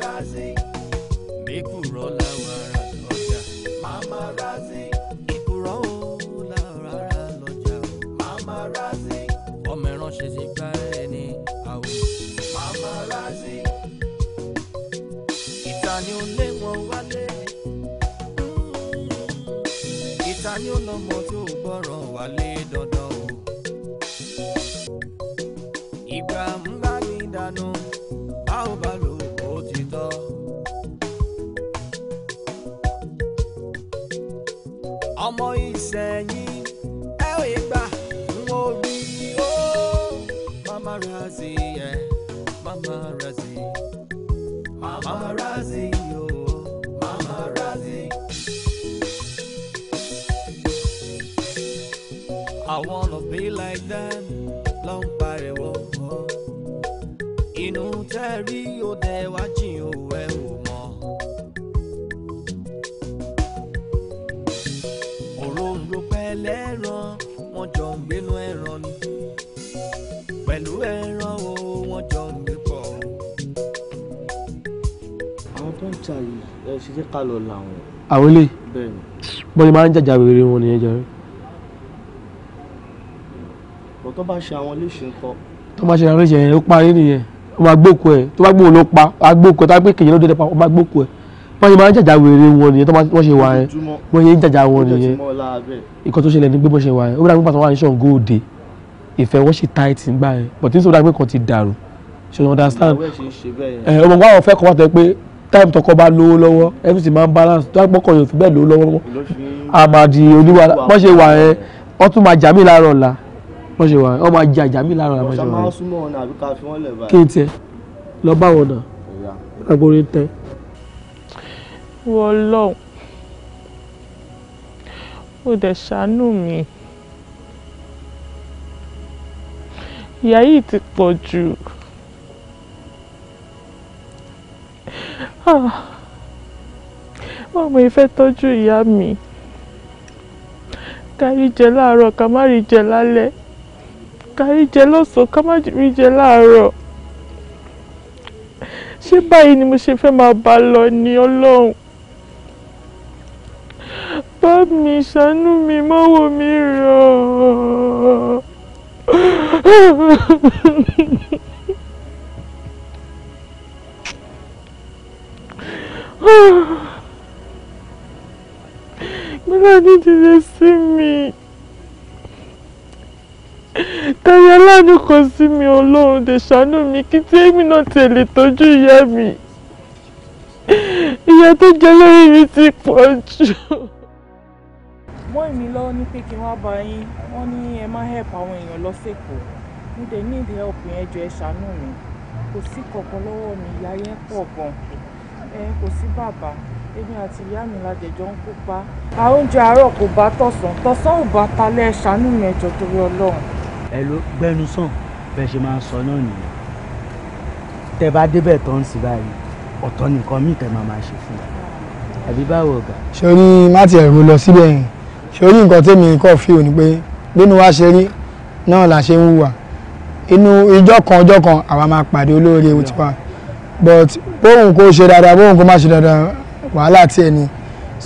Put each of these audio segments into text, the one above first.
rising. jẹ́ ká lọ là wọn. àwọn ilé bọ́ni máa ń jàjà wèrè wọn nìyẹn jẹ́ rẹ́. bọ́ tó bá ṣe àwọn léṣe nǹkan. tó bá ṣe àwọn léṣe yẹn ó parí nìyẹn ó máa gbókù ẹ̀ tó bá gbóhùn ló pa á gbókù ẹ̀ tó bá gbé kèyí lọ́dọ̀ pa ó máa gbókù ẹ̀ wọ́n ṣe máa ń jàjà wèrè wọn nìyẹn tó wọ́n ṣe wà yẹn wọ́n ń jàjà wọn nìyẹn ìkan tó ṣẹlẹ̀ gbé bọ́ but ní sọ dàgbé kan ti dàrú understand ẹ̀ eh, ọmọ wọn fẹ́ kọ́ wá tẹ́ time tọkọ bá lówó lọ́wọ́ everything máa ń balance tó àgbọ̀kọ̀ yóò fi bẹ́ẹ̀ lówó lọ́wọ́ àmàdì oníwà wọ́n ṣe wà yẹn wọ́n tún máa jà mí láàárọ̀ ọ̀la wọ́n ṣe wà yẹn wọ́n máa jà jà mí láàárọ̀ ọ̀la wọ́n ṣe wà yẹn kí n tiẹ̀ lọ bá wọn nà agbórí tẹ. wọ́n lọ ò dẹ̀ ṣàánú mi ìyá yìí ti pọ̀ jù. báwo ah. mo fẹ́ tọ́jú ìyá mi kárí jẹ láàárọ̀ ká má rí jẹ lálẹ́ kárí jẹ lọ́sàn-án ká má rí jẹ láàárọ̀ ṣé báyìí ni mo ṣe fẹ́ máa bá lọ ni ọlọ́run bá mi ṣàánú mi mọ́wọ́ mi rọ̀. Bọ́lájí ti ṣe sí mi. Táyé aláàánú kan sí mi Ọlọ́run dè ṣàánú mi kí tí èmi náà tiẹ̀ lè tọ́jú ìyá mi. Ìyá tó jẹ lórí mi ti pọ̀ jù. Mọ́ èmi lọ́wọ́ ní pé kí n wá bá yín, wọ́n ní ẹ má help àwọn èèyàn lọ́sẹ̀kọ̀ọ́. Mo need help yẹn jọ ẹ ṣàánú mi. Kò sí kọ̀ọ̀kan lọ́wọ́ mi, ìyá yẹn pọ̀ gan ẹ kò sí bàbá èmi àti ìyá mi la jẹjọ ń kópa. a oúnjẹ àárọ̀ kò bá tọ̀sán tọ̀sán ò bá talẹ́ ṣàánú mi ẹjọ́ torí ọlọ́run. ẹ ló gbẹnu sàn bẹ́ẹ̀ ṣe máa sọ náà nìyẹn tẹ bá débẹ̀ tó ń báyìí ọ̀tọ̀ nìkan míì tẹ máa máa ṣe fún un àbí báwo ọ̀gá. sori mati ẹ̀rù lọ síbẹ̀ yẹn sori nǹkan tèmi kọ́ fi òní pé bínú wa ṣe rí náà la ṣe ń hùwà inú ijọ́ kan ọjọ́ kan àwa máa pàdé olóore tiwa but bóun kò ṣe dáadáa bóun kò má ṣe dáadáa wàhálà tiẹ̀ ni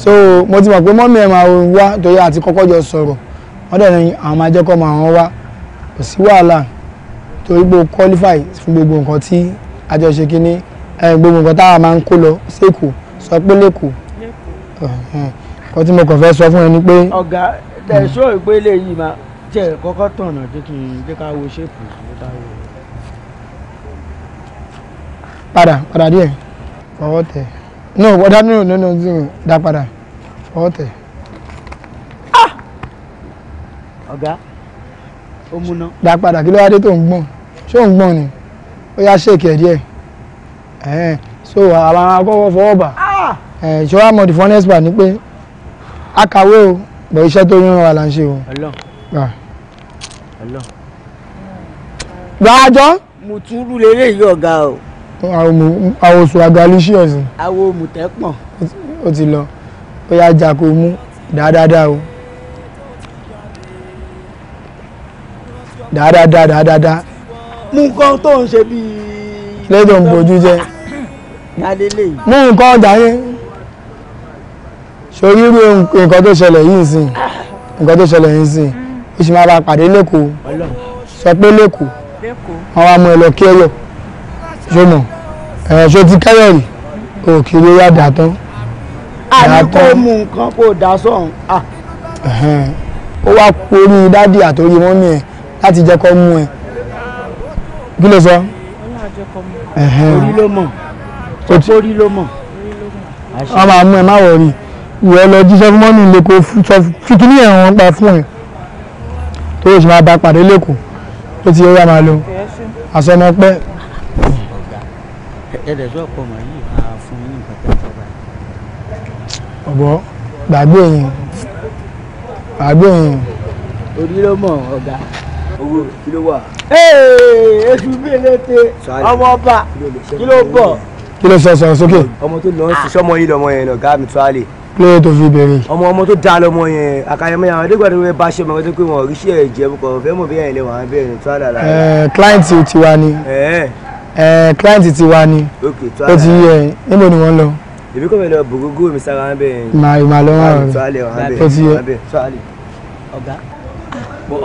so mo ti mọ̀ pé mọ́mí ẹ̀ máa wá torí àti kọ́kọ́ jọ sọ̀rọ̀ wọ́n dẹ̀ ní àwọn máa jẹ́ kọ́ máa wọ́n wá kò sí wàhálà torí gbogbo qualify fún gbogbo nǹkan tí àjọṣe kínní gbogbo nǹkan táwa máa ń kó lọ sẹ́kù sọ pé lẹ́kù nǹkan tí mo kàn fẹ́ sọ fún ẹ ni pé. ọ̀gá tẹ̀ sọ́ọ̀ hmm. pé máa jẹ́ kọ́kọ́ tọ̀nà jẹ́ kí n jẹ́ ká wo ṣépù ìṣòro táwọn padà padà díẹ̀ fọwọ́ tẹ̀ no ọ̀dà nínú nínú zero dá padà fọwọ́ tẹ̀. Ah! ọ̀gá ó múná. dá padà kí ló wá dé tó ń gbọ̀n ṣé ò ń gbọ̀n ni ó yá ṣèkè díẹ̀ ẹ̀ẹ́n so àwọn akọ́kọ́ fọwọ́ bà ah! ẹ̀ẹ́n ṣé wàá mọ̀ the funnest part ni pé a kàwé o bọ̀ iṣẹ́ tó yún wa là ń ṣe o. gbàjọ́. mo tún rú lélẹ́yìí ọ̀gá o. àwọn swagalicious. àwọn òmùtẹ́pọ̀n. ó ti lọ ó o. dáadáa dáadáa. mú nǹkan tó ń ṣe bíi. lẹ́dọ̀ ń bójú jẹ́. mú nǹkan ọjà yẹn. sori irú nǹkan tó ṣẹlẹ̀ yìí sìn nǹkan tó ṣẹlẹ̀ yìí sìn ó máa bá pàdé lẹ́kọ̀ọ́ sọ pé lẹ́kọ̀ọ́ lọ kí sọmọ ẹ̀ṣọ́ ti káyọ̀rì òkèèrè wa dà tán. àníkó mú nǹkan kó dà sọ̀hún. ó wá porí dádì àtòrí mọ́mí ẹ̀ láti jẹ́ kó mú ẹ kí ló sọ. orí ló mọ̀ orí ló mọ̀. wọ́n máa mú ẹ má wọ̀ rí ìwọ lọ jíṣẹ́ fún mọ́mí lè sọ fìkìní ẹ̀ pa fún ẹ tó o sì máa bá pàdé lẹ́kọ̀ọ́ tó ti yẹ wá máa lọ àsọmọpẹ́ ẹ̀ẹ́dẹ̀ sọ pọ̀ mọ̀ yìí a fún yín nǹkan tẹ́ sọ báyìí. ọ̀bọ gbàgbé yín gbàgbé yín. orí ló mọ̀ ọ̀gá. owó kí ló wà. èṣù bèlète ọmọ ọba kí ló bọ̀. kí ló sọ sọ sókè. ọmọ tó lọ ṣiṣọ́ mọ yìí lọmọ yẹn lọ̀gá mi tó àlè. kí ló tó fi bèrè. ọmọ ọmọ tó dáa lọmọ yẹn àkàyẹmọ yẹn àwọn adégbàdo rẹ bá ṣe ọmọ tó pé wọn ò ríṣẹ́ ẹ̀jẹ̀ kọ̀ fẹ́ mọ̀ bí ẹ̀yìn lè wà client ti wa ni ó ti yẹ níbo ni wọ́n lọ. èmi kò fẹ́ lọ bògógó mi sára ń bẹ̀ yẹn. màá ìmà lọ́wọ́ rẹ̀ ó ti yẹ. ọ̀gá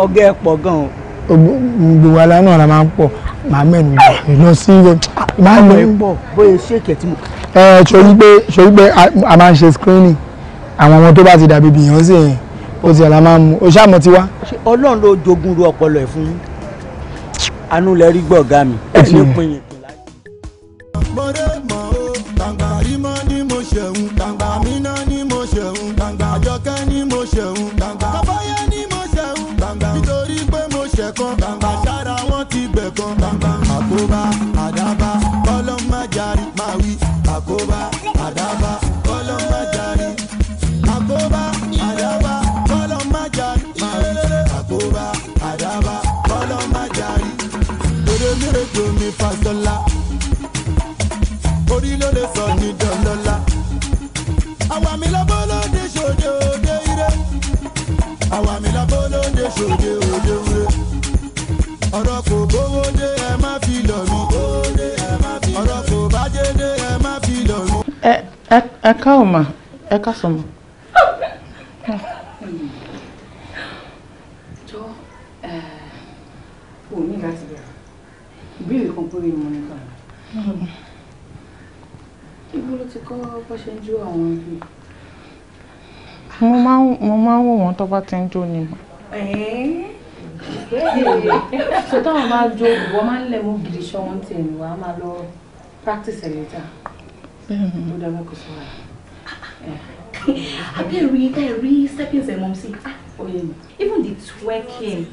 ọ̀gá ẹ̀ pọ̀ gan-an. gbogbo ala náà la máa ń pọ̀ màá mẹ́nu lọ sí ibẹ̀ máa lọ. bóyá ṣé kẹ̀tì mọ̀. ẹ ṣorí pé ṣorí pé a máa ń ṣe screening àwọn ọmọ tó bá ti dàbí bìyànjú yẹn ó ti àlá máa ń mu ṣáà mọ̀ tiwa. ọlọ́run ló jogún ru ọpọlọ ẹ̀ fún yín anulẹ̀ rí mi ẹ̀ ní pín fagbọ́lá orí ló lè sọ ní dọ́lọ́lá àwa mi lọ́bọ́ lóde ṣòde òde ire àwa mi lọ́bọ́ lóde ṣòde òde ire ọ̀rọ̀ kò bówó dé ẹ má fi lọ̀ mí ọ̀rọ̀ kò bá jẹ́ dé ẹ má fi lọ̀ mí. ẹ ẹ ká ò mà ẹ ká sọ mọ. tó ẹ ò ní láti bẹ̀rẹ̀ ìbéèrè kan péré ni mo ní kàn. ibo ló ti kọ́ bó ṣe ń jó àwọn ibi. mo máa ń mo máa ń wò wọ́n tó bá ti ń jó ni. ṣé táwọn bá jó ìwọ máa ń lẹ̀ mú gidi ṣọ́ wọn tiẹ̀ ní wàá máa lọ practice ẹ̀ lẹ́tà. ó dábàá kò sọ wà. Have you read that stepping and mom see? Oh yeah. Even the twerking.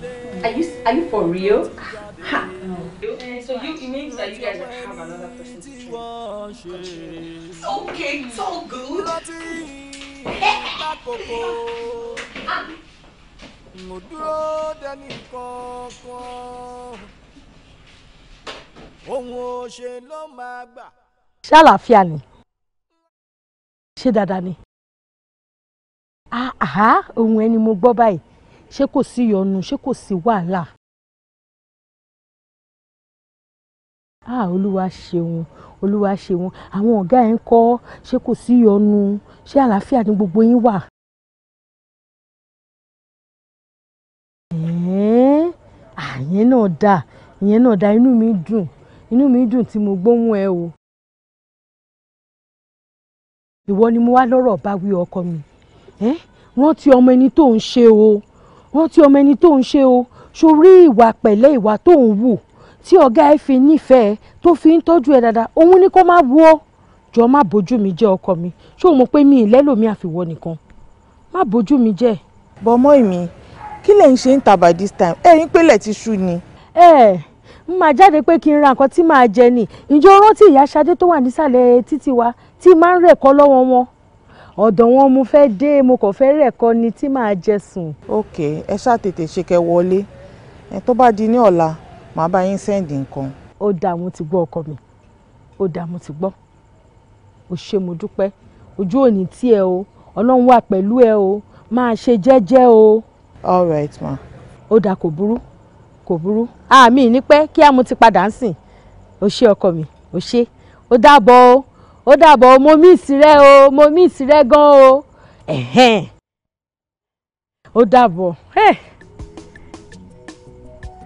Are you are you for real? Ha. so you, it means that you guys have another person to train. Okay, it's good. mo dúró dẹni kankan ohun òṣè ló máa gbà. ṣé àlàáfíà ni ṣé dáadáa ni àhá ah, ohun ẹni mo gbọ́ báyìí ṣé kò sí ìyọnu ṣé kò sí Ah! Olúwa ṣeun, Olúwa ṣeun. Àwọn ọ̀gá ẹ ń kọ́? Ṣé kò sí ìyọnu? Ṣé àlàáfíà ni gbogbo yín wà? Ẹ̀n, náà dà, iyẹn náà dà. Inú mi dùn, inú mi dùn tí mo gbóhùn ẹ o. Ìwọ ni mo wá lọ́rọ̀ bá wí ọkọ mi. Ẹ̀n, rántí ọmọ ẹni tó ń ṣe o. Rántí ọmọ ẹni tó ń ṣe o. Ṣé o rí ìwà pẹ̀lẹ́ ìwà tó ń wù? tí ọ̀gá ẹ fi nífẹ̀ẹ́ tó fi ń tọ́jú ẹ dáadáa òun ni kó má wú ọ jọ má bójú mi jẹ́ ọkọ mi ṣé o mọ̀ pé mi ìlẹ́lòmí àfiwọ́ nìkan má bójú mi jẹ́. bọ́mọ́ mi kí lẹ́yìn ṣe ń ta by this time ẹ̀yin pélé ti ṣú ni. ẹ ẹ n máa jáde pé kí n ra nǹkan tí màá jẹ ni ìjọ rántí ìyá Ṣadé tó wà nísàlẹ̀ títì wa tí máa ń rẹ̀kọ́ lọ́wọ́ wọn ọ̀dọ̀ wọn mo fẹ́ dé mo kàn fẹ́ rẹ̀kọ́ ni tí màá jẹ sùn. ok ẹ ṣáà tètè ṣe kẹ́ wọlé ẹ tó bá di ní ọ̀la màá bá yín sẹ́ǹdì nǹkan. ó dáa ti gbọ́ ọkọ mi ó dáa ti gbọ́ ó ṣe mo dúpẹ́ ojú òní tí ẹ o ọlọ́run wà pẹ̀lú ẹ o máa ṣe jẹ́jẹ́ o. all right ma. ó dáa kò burú kò burú àmì ní pẹ́ kí á ti padà ń sìn ó ṣe ọkọ mi ó ṣe ó dàbọ̀ o ó dàbọ̀ o mo mí ìsirẹ́ o mo mí ìsirẹ́ gan o ó dàbọ̀. Hey.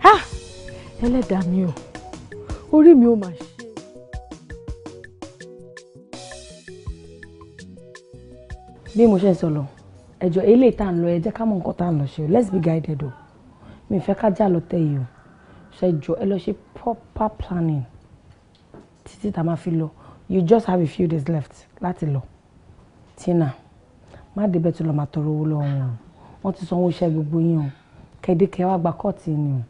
Ha! ẹlẹ́dàá mi ò orí mi ò mà ṣe. bí mo ṣe ń sọ lọ ẹjọ eléyìí tá à ń lọ ẹ jẹ́ ká mọ̀ nǹkan tá à ń lọ ṣe o let's be guided o mi fẹ́ ká jà lọ tẹ yìí o ṣẹjọ ẹ lọ ṣe proper planning títí tá a máa fi lọ you just have a few days left láti lọ tina má débẹ̀ tó lọ máa tọrọ owó lọ́wọ́ wọn wọ́n ti sanwó iṣẹ́ gbogbo yín o kẹ́dẹ́kẹ́ wá gba kọ́ọ̀tì ni o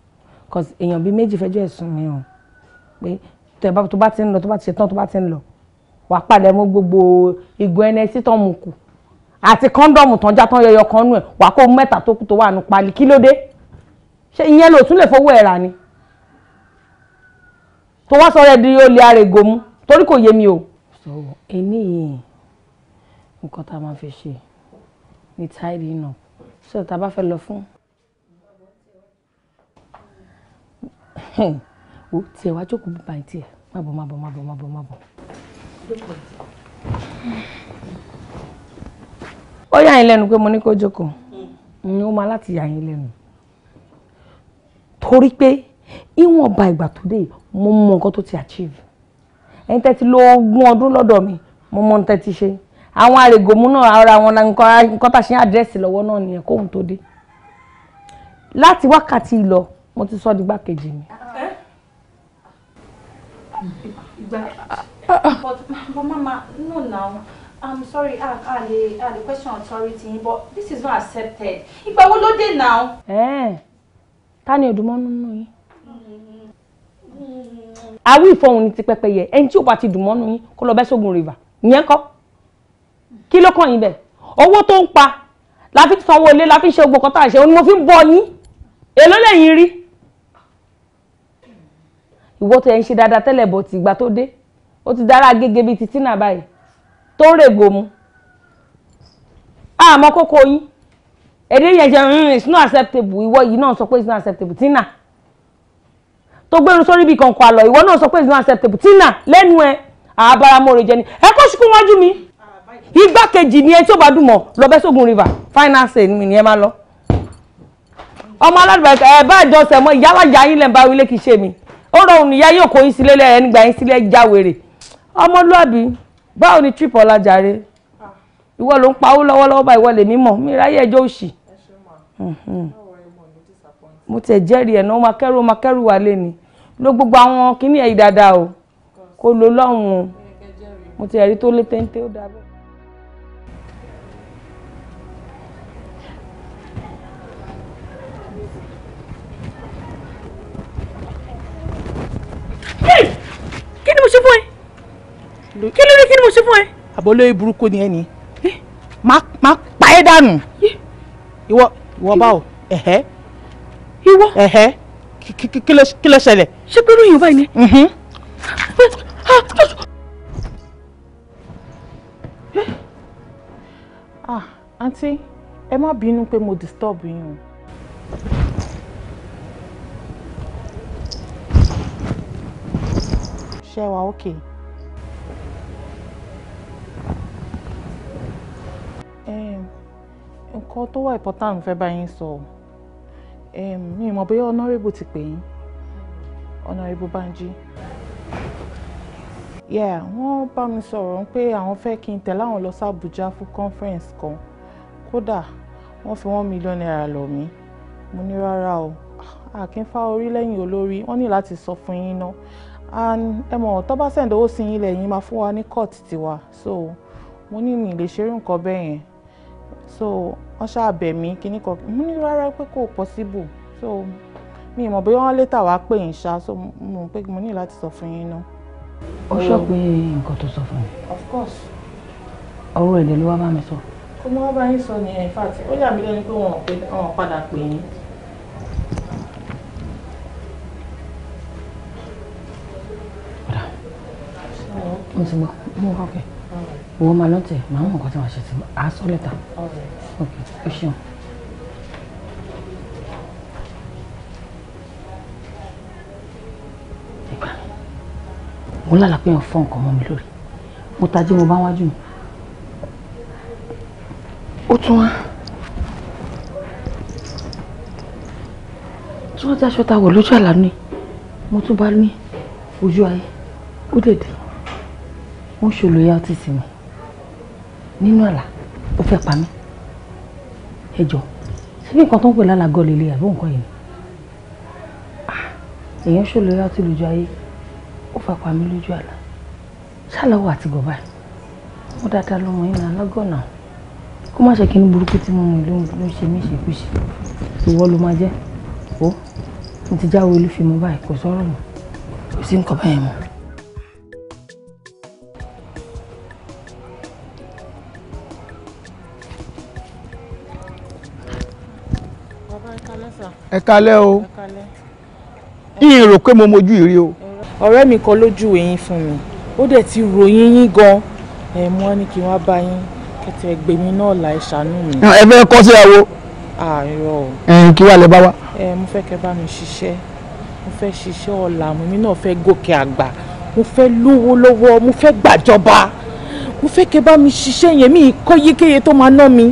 cause èèyàn bíi méjì fẹjọ́ ẹ̀sùn mi hàn pé tó bá ti ń lọ tó bá ti ṣe tán tó bá ti ń lọ wàá palẹ̀ mọ́ gbogbo ìgò ẹnẹsí tán mu kù àti kọ́ńdọ̀mù tán já tán yọyọ kan nù ẹ̀ wàá kó mẹ́ta tó kù tó wà nù pali kí ló dé ṣé ìyẹn lò tún lè fowó ẹ̀ rà ni tó wá sọ̀rọ̀ ẹ̀ di olè arègò mu torí kò yé mi o. sọ̀rọ̀ ẹni yìí nǹkan tá a máa fi ṣe ni tidy náà sọ̀rọ̀ tá a bá fẹ́ lọ fún o tiẹ̀ wá jókòó bí báyìí tiẹ̀ má bọ̀ má bọ̀ má bọ̀ má bọ̀ má bọ̀. ó yà yín lẹ́nu pé mo ní kó jókòó ni ó máa láti yà yín lẹ́nu torí pé ìwọ̀nba ìgbà tó dé mo mọ nǹkan tó ti achieve ẹ̀yin tẹ́tí ló ogún ọdún lọ́dọ̀ mi mo mọ nǹkan tẹ́tí ṣe àwọn àrègòmù náà ara wọn nǹkan tá a ṣe ń àdírẹ́sì lọ́wọ́ náà nìyẹn kóhun tó dé láti wákàtí ìlọ mo ti sọ di gbákejì mi but but mama no now i'm sorry ah ah le ah le question authority but this is not accepted ìgbà wo ló dé now. eh ta ni òdùmọ́ nínú yín mm. àwí ìfọ̀hún ni ti pẹ́pẹ́yẹ ẹni tí ó bá ti dùn mọ́nú yín kó lọ bẹ́ sógun river ìyẹn kọ́ kí ló kàn yín bẹ̀ owó tó ń pa la fi sanwó ilé la fi ṣe gbogbo kan tá a ṣe òun mo fi ń bọ yín èló lẹ́yìn ìwọ tó yẹ ń ṣe dáadáa tẹ́lẹ̀ bọ̀ tìgbà tó dé ó ti dára gẹ́gẹ́ bíi ti tínà báyìí tó ń règò mu àmọ́ kókó yín èdè yẹn jẹ́ it's not acceptable ìwọ yìí náà sọ pé it's not acceptable tínà tó gbẹ́rù sórí bí kankan àlọ́ ìwọ náà sọ pé it's not acceptable tínà lẹ́nu ẹ àbáramọ́ rẹ̀ jẹ́ ni ẹ kó ṣùkú wájú mi igbákejì ni ẹ tí ó bá dùn mọ́ lọ sógun river finance ni ẹ máa lọ ọmọ aládùúgbò ẹ bá ìjọsẹ̀ mọ́ ìyálàjà yín lẹ́ wílé kìí ṣe mi ó rọrùn níyà yóò kó yín sílé lẹ́yìn ẹni gba yín sílé jáwèrè ọmọlúàbí báwo ni trip ọ̀làjàre ah. ìwọ ló ń pawó lọ́wọ́lọ́wọ́ bá ìwọ lè mímọ̀ mi ráyè ẹjọ́ òṣì mhm. mo tẹ̀ jẹ́rìí ẹ̀nà ó máa kẹ́rù ó máa kẹ́rù wà ni ló gbogbo àwọn kíní ẹ̀yìn dáadáa o kó lo lọ́hùn mo ti ẹ̀rí tó lé téńté ó dáa mo ṣe fún ẹ kí ló dé kí ni mo ṣe fún ẹ. àbọ̀lóyè burúkú ni ẹ ní máa pa ẹ́ dànù ìwọ ìwọ báwo ẹ̀hẹ́. ìwọ ẹ̀hẹ́ kí ló ṣẹlẹ̀. ṣé pé lóyún báyìí ni. Mhm. ah àǹtí ẹ má bínú pé mo disturb yín o. ṣe wà ókè. nǹkan tó wà important fẹ́ bá yín sọ mi mọ̀ bóyá honourable ti pè yín honourable Banji yeah wọ́n bá mi sọ̀rọ̀ pé àwọn fẹ́ kí n tẹ̀lé àwọn lọ sí Abuja fún conference kan kódà wọ́n fi one million naira lọ̀ mí mo ní rárá o àkínfà orí lẹ́yìn olórí wọ́n ní láti sọ fún yín ná and ẹ mọ̀ tó bá send owó sí yín lẹ́yìn máa fún wa ní court tiwa so mo ní mi lè ṣerú nǹkan bẹ́ẹ̀ yẹn so wọ́n ṣáà bẹ̀ mí kíní kan mo ní rárá pé kò possible so mi ì mọ̀ bóyá wọ́n létà wá pè yín ṣá so mo mọ̀ pé mo ní láti sọ fún yín náà. ó sọ pé nǹkan tó sọ fún mi. of course. ọ̀rọ̀ èdè ló wá bá mi sọ. kó mo wá bá yín sọ nìyẹn in fact ó yà mí lẹ́nu pé wọn ò padà pè yín. mo ti gbọ́ mo wá ọkẹ́ owó máa lọ́tẹ̀ màá mọ̀ nǹkan tí wàá ṣe sí mi àá sọ lẹ́tà ok o ṣeun. mo lálàá pé wọ́n fọ́ nǹkan mọ́ mi lórí mo tají mo bá wájú mi ó tún wá tí wọ́n ti aṣọ ta wọ̀ lójú àlá ni mo tún bá ní ojú ayé ó dèdè ó ń ṣe loyalty sí mi nínú àlá ó fẹ́ pa mí ẹ jọ ṣé bí nǹkan tó ń pè lálàgọ́ lélẹ̀ àbí nǹkan yìí ah, èèyàn ṣe loyalty lójú ayé ó fà pa mí lójú àlá ṣàlọ́wọ́ àti gọ̀bá mo dáadáa lọ́mọ yín náà lágọ̀nà kó má ṣe kíní burúkú tí mo mú ló ń ṣe mí ṣèkúṣe ìwọ ló máa jẹ́ ó mo ti jáwé olúfimọ́ báyìí kò sọ̀rọ̀ mọ́ kò sí nǹkan báyìí mọ́. ẹ kalẹ́ o yín rò pé mo mojú ìrí o. ọ̀rẹ́ mi kan lójú èyí fún mi ó dẹ̀ ti ròyìn yín gan ẹ̀ mú wọn kí wọ́n bá yín kẹtẹ gbèmí náà là ẹ mi. ẹ fẹ́ kọ́ sí àwo. àìrọ̀ o. ẹ̀yin kí wàá lè bá wa. ẹ mo fẹ́ kẹ́ bá mi ṣiṣẹ́ mo fẹ́ ṣiṣẹ́ ọ̀la mo mi náà fẹ́ gòkè àgbà mo fẹ́ lówó lọ́wọ́ mo fẹ́ gbàjọba mo fẹ́ kẹ́ bá mi ṣiṣẹ́ yẹn mi kọ́ yékéyé tó máa ná mi.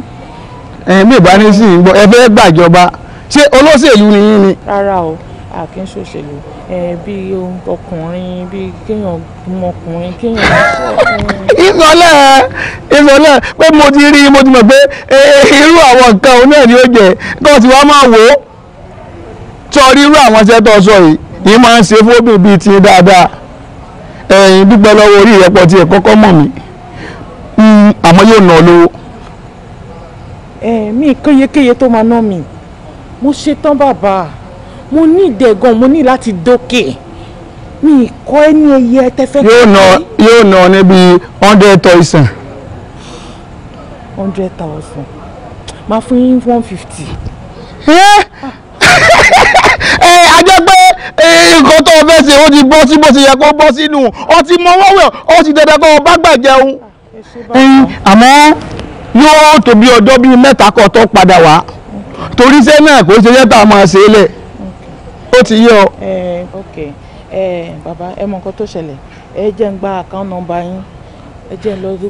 ẹ mi ò bá ní sí ìgbọ́ ẹ fẹ́ gbàjọba ṣé olóṣèlú ni yín ni. rárá o a kì í ṣòṣèlú bí ọkùnrin bí kéèyàn ọmọkùnrin kéèyàn. ìsọlẹ̀ ìsọlẹ̀ pé mo ti rí mo ti mọ̀ pé e, irú àwọn nǹkan òun náà ni ó jẹ́ tó ti wá máa wò ó torí irú àwọn iṣẹ́ tó sọ yìí yìí máa ń ṣe fóbì bíi ti dáadáa ẹ̀yìn dúpẹ́ lọ́wọ́ orí ìrẹ́pọ̀ tí kọ́kọ́ mọ̀ mí hmm, àmọ́ yóò ná lówó. mi kéyekeye tó máa ná mi mo ṣetán bàbá mo ní ìdẹ̀gàn mo ní láti dókè mi kọ́ ẹni ẹyẹ tẹ́fẹ́. yóò ná yóò ná níbi hundred thousand. hundred thousand máa fún yín one fifty. ẹ ajẹ́ pé nǹkan tó o fẹ́ ṣe ó ti bọ́ sí bó ṣe yẹ kó bọ́ sínú ọ ti mọ wọ́wọ́ ọ ti dandan kó o bá gbà jẹun. àmọ́ yóò tó bí ọjọ́ bíi mẹ́ta kó tó padà wá torí iṣẹ́ náà kò ṣe jẹ́ tá a máa ṣe é lẹ̀ ó ti yé ọ. ok bàbá ẹ mọ nǹkan tó ṣẹlẹ̀ ẹ jẹ́ ń gba account number yín ẹ jẹ́ ń lọ rí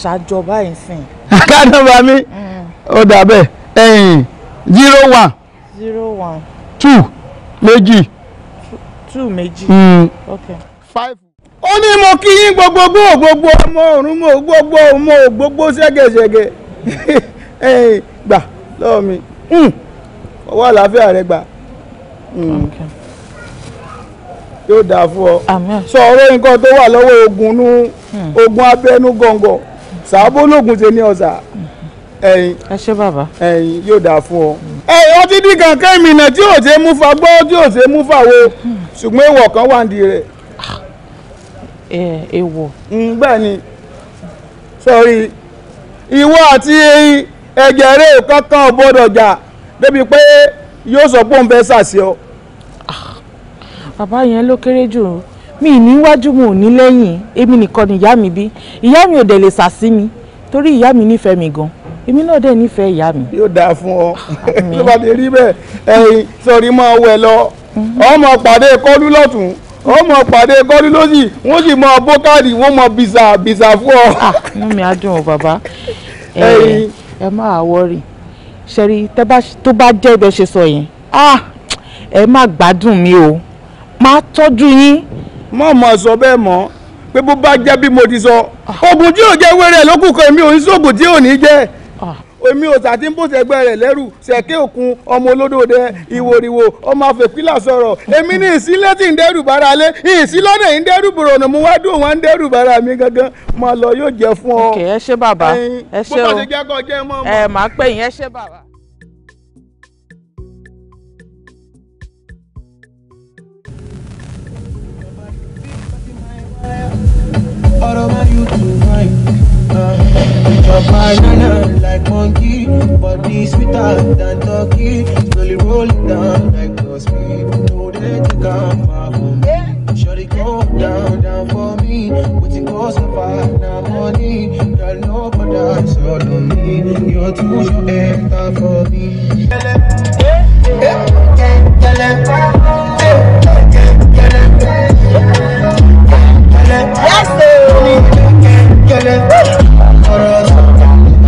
ṣàjọba yìí sìn. account number mi mm. ó dà bẹ́ẹ̀ ẹ̀yìn zero one. zero one. two méjì. two méjì. Mm. ok five ó ní mo kí yín gbogbogbò gbogbo ọmọ òrùn mo gbogbo mo gbogbo ṣẹ́gẹ̀ṣẹ́gẹ̀ gbà lọ́wọ́ mi hmm. ọwọ́ àlàáfíà rẹ gbà hmm. yóò dáa fún ọ sọ ọ̀rọ̀ nǹkan tó wà lọ́wọ́ ogun nú hmm. ogun abẹ́nú gọ̀ǹgọ̀ sàbó lóògùn ṣe ní ọ̀sà ẹ̀yìn ẹ ṣé bàbá ẹ̀yìn yóò dáa fún ọ. ẹ̀yìn ọtí di kankan ìmìnà tí ò ṣe mú fa gbọ́ tí ò ṣe mú fa wo ṣùgbọ́n èèwọ̀ kan wà nídìí rẹ̀. èèwọ̀. bẹ́ẹ̀ ni sọ̀rí ìwọ àti eyín ẹ̀jẹ̀ eré kankan ò gbọ́dọ̀ jà débi pé yóò sọ pé òun fẹ́ sàṣẹ ọ. bàbá yẹn ló kéré jù ú mi ì níwájú mo ò ní lẹ́yìn èmi nìkan ni ìyá mi bí ìyá mi ò dẹ̀ lè sàṣí mi torí ìyá mi nífẹ̀ẹ́ mi gan èmi náà dẹ̀ nífẹ̀ẹ́ ìyá mi. yóò dáa fún ọ ló bá ti rí bẹ́ẹ̀ ẹ̀yin sọ̀rí máa wẹ̀ lọ mhm. ọmọ pàdé kọ́lú lọ́tún wọ́n pàdé gọ́rí lójì wọ́n sì mọ bókàdì wọ́n mọ bìsà bìsà fún ọ. mú ah, mi á dùn ọ bàbá. ẹyin ẹ máa wọrí ṣẹ́rí tó bá jẹ́ ibẹ̀ ṣe sọ yẹn ah, ẹ má gbádùn mi o máa tọ́jú yín. má mà sọ bẹ́ẹ̀ mọ́ pé bó bá jẹ́ bí mo ti sọ oògùn ah. tí ò jẹ́ wẹ́rẹ́ lókùn kan mi ò ń sóògùn tí ò ní jẹ́. Ah èmi ò sàtí ń bòsẹ̀ ẹgbẹ́ rẹ̀ lẹ́rù ṣẹ̀kẹ́ òkun ọmọ olódòdẹ ìwòrìwò ọmọ àfẹ́pílà sọ̀rọ̀ èmi ní ìsílẹ̀ tí ń dẹ́rù bára lé ìsílọ́dẹ̀ ń dẹ́rù bòrònà mo wá dùn wọn ń dẹ́rù bára mi gangan máa lọ yóò jẹ́ fún ọ. ok ẹ ṣé bàbá ẹ ṣé o ẹ máa pè yín ẹ ṣé bàbá. follow my YouTube mic. Uh, my banana like monkey, body sweeter than turkey. Slowly roll it down like no speed. No, they think i far from me. Shut it down, down for me. Waiting goes so far, now money. Girl, nobody that's all on me. You're too short, after for me. Yeah, yeah, yeah, yeah, yeah, yeah, yeah, yeah, yeah, yeah, yeah, yeah, yeah, kẹlẹ. yẹ́sẹ̀ o. ní kẹlẹ ọ̀rọ̀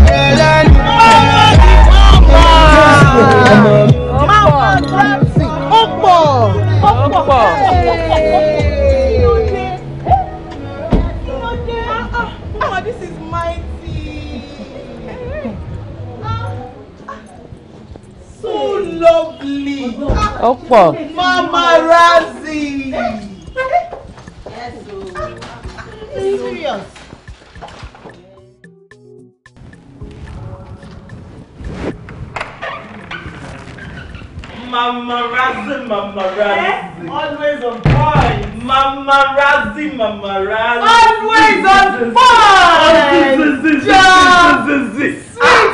kẹlẹ ni. ó pọ̀ ó pọ̀ this is mighty. so lovely. ó pọ̀. mama razi. serious. Mama Razi, Mama eh? Razi, Eh? Always on point. Mama Razi, Mama Razi, Always on point. John, sweet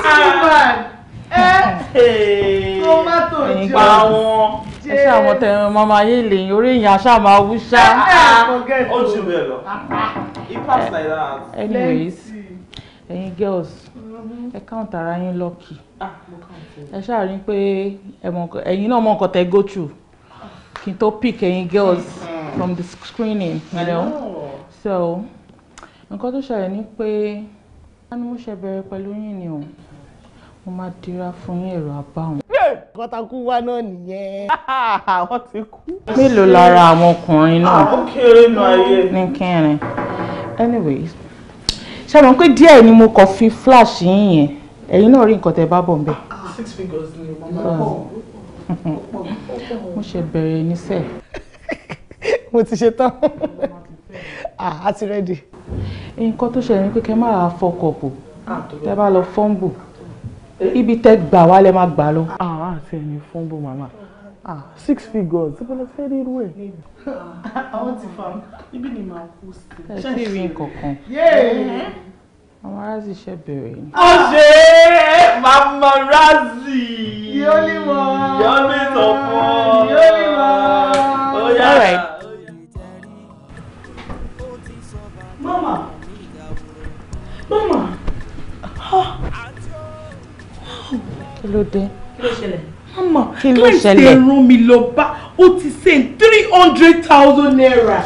woman. Eh? Hey. Tomato John ṣe. ẹ ṣáà mọ mama yé lè yín orí ìyá ṣáà máa wú ṣá. Ah, ah, ah. ó jù mí ẹ lọ it pass like that. anyways ẹyin girls mm-hmm. ẹ count ara yín lucky ẹ ṣáà rí i pé ẹyin náà mọ nǹkan tẹ go through kí n tó pick ẹyin girls mm-hmm. from the screening you know so nǹkan tó ṣẹlẹ̀ ni pé wọ́n ní mo ṣe bẹ̀rẹ̀ pẹ̀lú yín ni o mo máa dira fún yín ẹ̀rọ abáwọn. kọ́takú wá náà nìyẹn. wọ́n ti kú. mélòó lára àwọn ọkùnrin náà. ní kẹrin anyways ṣe mọ̀ pé díẹ̀ ni mo kàn fi flash yín yẹn ẹ̀yin náà rí nǹkan tẹ́ bá bọ̀ ń bẹ̀. six figures ni mo máa bọ̀ mo ṣe bẹ̀rẹ̀ níṣẹ́. mo ti ṣe tán ah, a ti rẹ́dì. nǹkan tó ṣẹlẹ̀ ni pé kẹ́ máa fọkọ̀ bò ah, tẹ́ bá lọ fọ́ǹbù ibi tẹ́ gbà wá lẹ́ máa gbà lọ. àti ah, ah, ẹni fún bó màmá ah, six figures ṣé bọ́lá fẹ́ rí irú ẹ̀. àwọn ti fa ibi ni màá kú sí. ẹ ṣe rí nǹkankan àwọn aráàlú ṣe bẹ̀rẹ̀ ni. a ṣe é mama razi. yọlí wọn yọlí sọ fún ọ yọlí wọn. all right. mama mama. kí ló dé. kí ló ṣẹlẹ̀. mama kí ló ṣẹlẹ̀ client dey run mi lọ bá ó ti send three hundred thousand naira.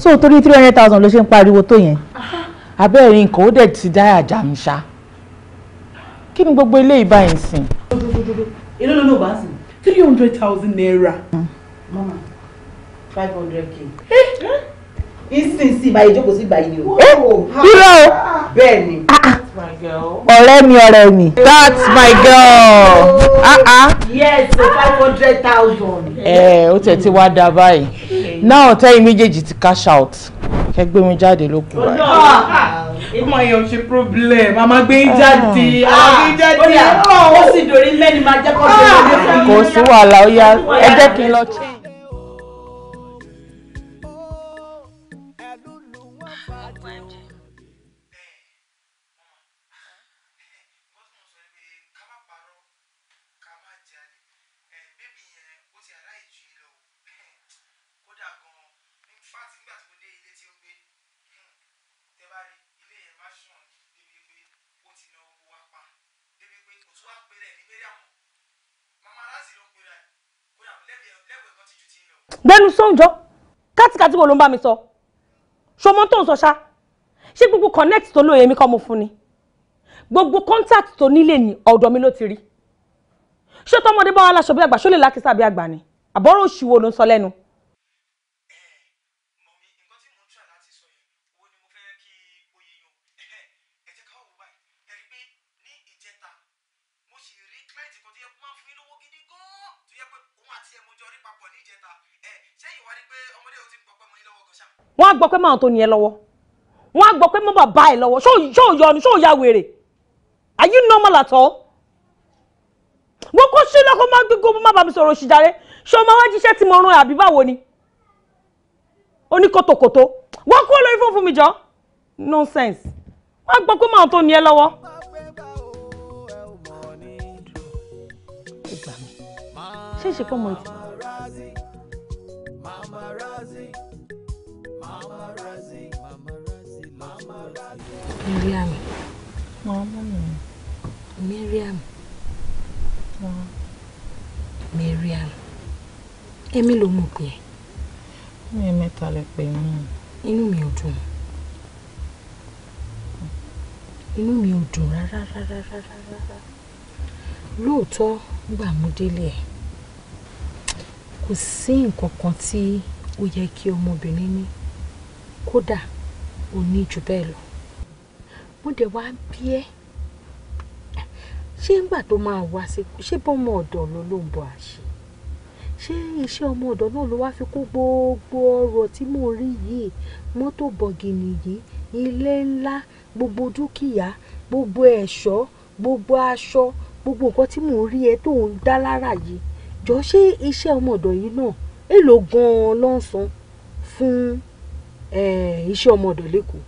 so torí three hundred thousand ló ṣe ń pariwo tó yẹn abẹ́rẹ́ nǹkan ó dẹ̀ ti dá àjà mi ṣá kí ni gbogbo ilé ìbá yìí sìn. èló ló ló bá sìn three hundred thousand naira. mama five hundred k. ìsinsìnyí ìbàyè jókòó sí ìbàyè ni o. Eh? Oh, irọ́ o bẹ́ẹ̀ ni. Ah, ah ọ̀rẹ́ mi ọ̀rẹ́ mi. that's my girl. Uh -uh. yes five hundred thousand. ẹ ó tẹ̀ tí wàá da báyìí náà tẹ́yìn méjèèjì ti cash out kẹ́ gbé mi jáde lókun rẹ̀. ìmọ̀ èèyàn ṣe problem a máa gbé yín jáde a máa gbé yín jáde. Oh, ó sì dòrí mẹ́ni máa jẹ́ kó ṣe ah, é. kò sí wàhálà ó yá ẹ jẹ́ kí n lọ. gbẹnu sọ́njọ́ kátikàtí wo ló ń bá mi sọ ṣọmọ tó ń sọ ṣá ṣé gbogbo connect tó lóye mi kọ́ mo fún ni gbogbo contact tó nílé ní ọ̀dọ̀ mi ló ti rí ṣé tọmọdé bá wà láṣọ bí àgbà ṣó lè lákìsà bí àgbà ni àbọ̀rọ̀ òṣìwò ló ń sọ lẹ́nu wọ́n á gbọ́ pé máa tó ni ẹ lọ́wọ́ wọ́n á gbọ́ pé mọ́ bàbá ẹ lọ́wọ́ ṣó yọ ni ṣó ya wèrè are you normal at all? wọ́n kó ṣe lọ́kọ́ máa gbégbó má bàa mi sọ̀rọ̀ òṣì jàre ṣé ọmọ wá jíṣẹ́ tí mo rán àbí báwo ni oníkòtòkòtò wọ́n kó lórí fún fún jọ nonsense wọ́n á gbọ́ pé máa tó ni ẹ lọ́wọ́. ṣé ìṣèpọ̀ mọ̀ ẹ́ Miriam. Mama. Miriam. Miriam. Èmi ló mọ̀ pé. Mi mẹ́ta lè pè mí. Inú mi ò dùn. Inú mi ra ra ra. rárá rárá rárá. Lóòótọ́ gbà mú délé ẹ̀. Kò sí nǹkan kan tí ó yẹ kí ọmọbìnrin ní. Kódà, ó jù bẹ́ẹ̀ lọ mo dẹ̀ wá ń bí ẹ́ ṣé ńgbà tó máa wá sí ṣé bọ́mọ ọ̀dọ̀ ló ló ń bọ̀ àṣẹ ṣé iṣẹ́ ọmọ ọ̀dọ̀ náà ló wá fi kó gbogbo ọrọ̀ tí mò ń rí yìí mọ́tò bọ̀gìnì yìí ilé ńlá gbogbo dúkìá gbogbo ẹ̀ṣọ́ gbogbo aṣọ gbogbo nǹkan tí mò ń rí ẹ tó ń dá lára yìí jọ ṣé iṣẹ́ ọmọ ọ̀dọ̀ yìí náà èló gan-an ló ń fún iṣẹ́ ọmọ ọ̀dọ̀ lẹ́kọ̀ọ́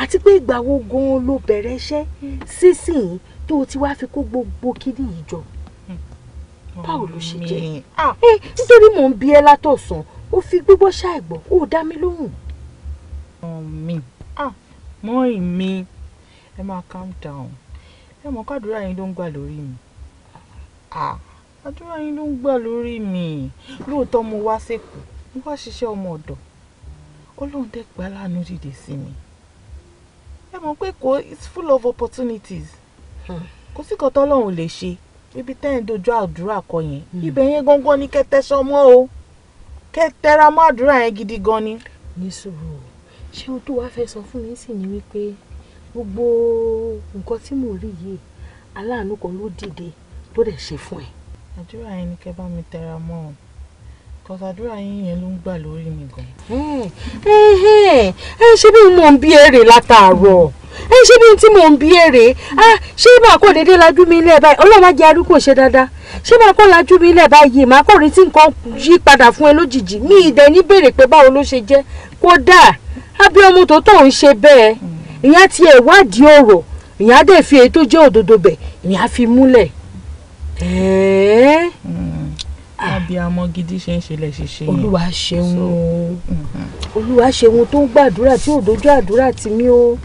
àti pé ìgbà wo gan-an ló bẹ̀rẹ̀ iṣẹ́ sísìn tó o ti wá fi kó gbogbo kíní yìí jọ báwo ló ṣe jẹ́ ah, eh, nítorí mò ń bi ẹ́ látọ̀sán ó fi gbígbọ́ ṣàìgbọ́ ó dá mi lóhùn. mọ́mì ah, mọ́mì ẹ máa calm down ẹ mọ̀ kádùúrà yín ló ń gbà lórí mi ah, àdúrà yín ló ń gbà lórí mi lóòótọ́ mo wá sẹ́kù mo wá ṣiṣẹ́ ọmọ ọ̀dọ̀ ọlọ́run tẹ́ gbà lánàá dìde sí mi ẹ mọ̀ pé kò it's full of opportunities hmm. kò sí kan tọ́lọ́run lè ṣe ibi tẹ́ ń dojú àdúrà kọ yẹn hmm. ibẹ̀ yẹn gangan ni kẹtẹ́sọ mọ́ o kẹtẹ́ra mọ́ àdúrà yẹn gidi gan ni. ní sùúrù ṣé ohun tó wàá fẹ́ sọ fún mi sì ni wípé gbogbo nǹkan tí mò ń rí yìí aláàánú kan ló dìde tó dẹ̀ ṣe fún ẹ. àdúrà yẹn ni kẹ bá mi tẹra mọ́ o because àdúrà yín yẹn ló ń gbà lórí mi gan. ẹ ṣe bí mo ń bí èrè látàárọ̀ ẹ ṣe bí tí mo ń bí èrè ah, ṣé bá a kò lajú mi lẹ́ẹ̀ báyìí ọlọ́run ajé arúgbó ṣe dáadáa ṣé bá a lajú mi lẹ́ẹ̀ báyìí màá kò retí nǹkan yí padà fún ẹ lójijì mi ìdẹ ní béèrè pé báwo ló ṣe jẹ́ kódà abiyamọ tó tó ń ṣe bẹ́ẹ̀ ìyẹn ti ẹ̀ wádìí ọ̀rọ̀ ìyẹn dẹ̀ fi èyí tó jẹ́ òdodo bẹ̀ ìyẹn fi múlẹ̀ ẹ̀ẹ́ abiyamọ ah. gidi ṣe ń ṣẹlẹ̀ ṣiṣẹ́ yẹn. olúwa ṣeun o mhm. olúwa ṣeun tó ń gbàdúrà tí ò dojú àdúrà tì mí o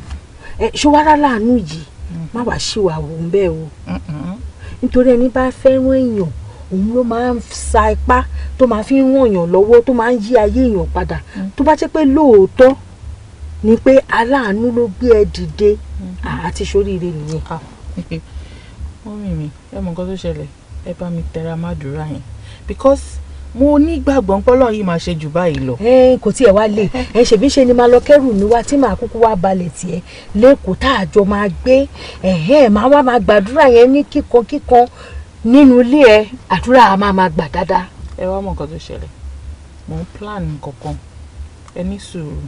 ṣé wàá rà láàánú yìí mhm. má wàá ṣìwà wò ń bẹ́ẹ̀ o mhm. nítorí ẹni bá fẹ́ràn èèyàn òun ló máa ń sa ipá tó máa fi ń ràn èèyàn lọ́wọ́ tó máa ń yí ayé èèyàn padà tó bá jẹ́ pé lóòótọ́ ni pé aláàánú ló gbé ẹ dìde àti ṣoríire nìyẹn. Ah, mọ́mí mi ẹ mọ nǹkan tó ṣẹlẹ̀ ẹ bá mi tẹra mádùúrà yẹn because mo nígbàgbọ́ ń yìí máa ṣe jù báyìí lọ. kò tiẹ̀ wá lè ẹ ṣèbí ṣe ni máa lọ kẹ́rù mi wá tí màá kúkú wá balẹ̀ tiẹ̀ lẹ́kọ̀ọ́ tá a jọ máa gbé màá wá máa gbàdúrà yẹn ní kíkankíkan nínú ilé ẹ àdúrà a máa máa gbà dáadáa. ẹ wá mọ nǹkan tó ṣẹlẹ̀ mò ń plan nǹkan kan ẹ ní sùúrù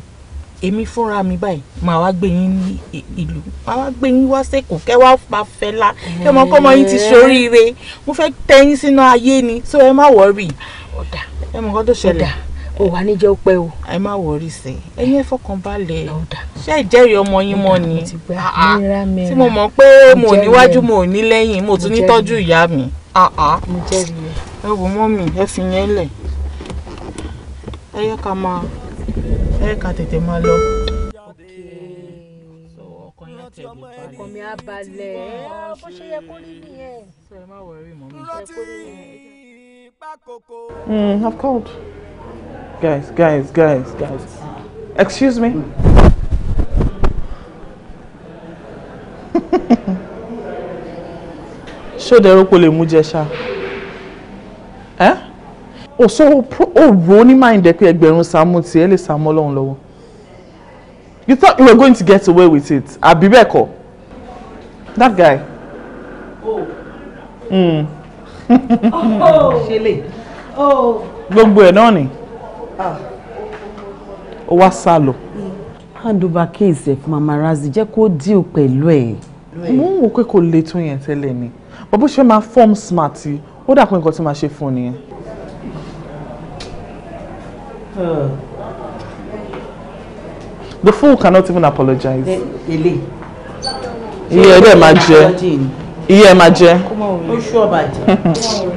èmi fúnra mi báyìí màá wá gbé yín ní ìlú màá wá gbé yín wá sẹ́kù kẹ́ wá pa fẹ́lá kẹ́ mọ kọ́mọ yín ti ṣoríire mo fẹ́ tẹ́ yín sínú ayé ni so ẹ má wọ́rì ọ̀dà ẹ mọ nǹkan tó ṣẹlẹ̀ ò wá ní ó pẹ́ o. ẹ má wọrí sí i ẹ̀yin ẹ fọkàn balẹ̀ ṣé ìjẹ́rìí ọmọ yín mọ́ ni tí ah, ah. mo mọ̀ pé mo ò níwájú mo ò ní lẹ́yìn mo tún ní tọ́jú ìyá mi ah, ẹ wò mọ́ mi ẹ fi yẹn lẹ̀ ẹ yẹ ká máa ẹ tètè máa lọ. ọkọ mi á balẹ̀ bó ṣe yẹ kó rí nìyẹn. sọ ẹ mm, I've called. Guys, guys, guys, guys. Excuse me. ṣé o dẹ̀rọ kò lè mú jẹ ṣá? ẹ́? Eh? o so o ro ní mind ẹ pé ẹgbẹ̀rún sàmú tí ẹ lè sàmú ọlọ́run lọ́wọ́ you thought you were going to get away with it àbí bẹ́ẹ̀ kọ́ that guy. Oh. Hmm. Oh. Oh. gbogbo ẹ̀ náà ni ah. ó wá sá lọ. hand over case ẹ̀ fún mama razi jẹ́ kó deal pẹ̀lú ẹ̀. mo ń wò pé kò le tó yẹn tẹ́lẹ̀ ni bàbá ṣe máa form smart ó dà pé nǹkan tí màá ṣe fún un nìyẹn. The fool cannot even apologize. Ele. Iye ẹ̀dẹ̀ máa jẹ. Iye ẹ̀ máa jẹ. Ó ṣú jẹ.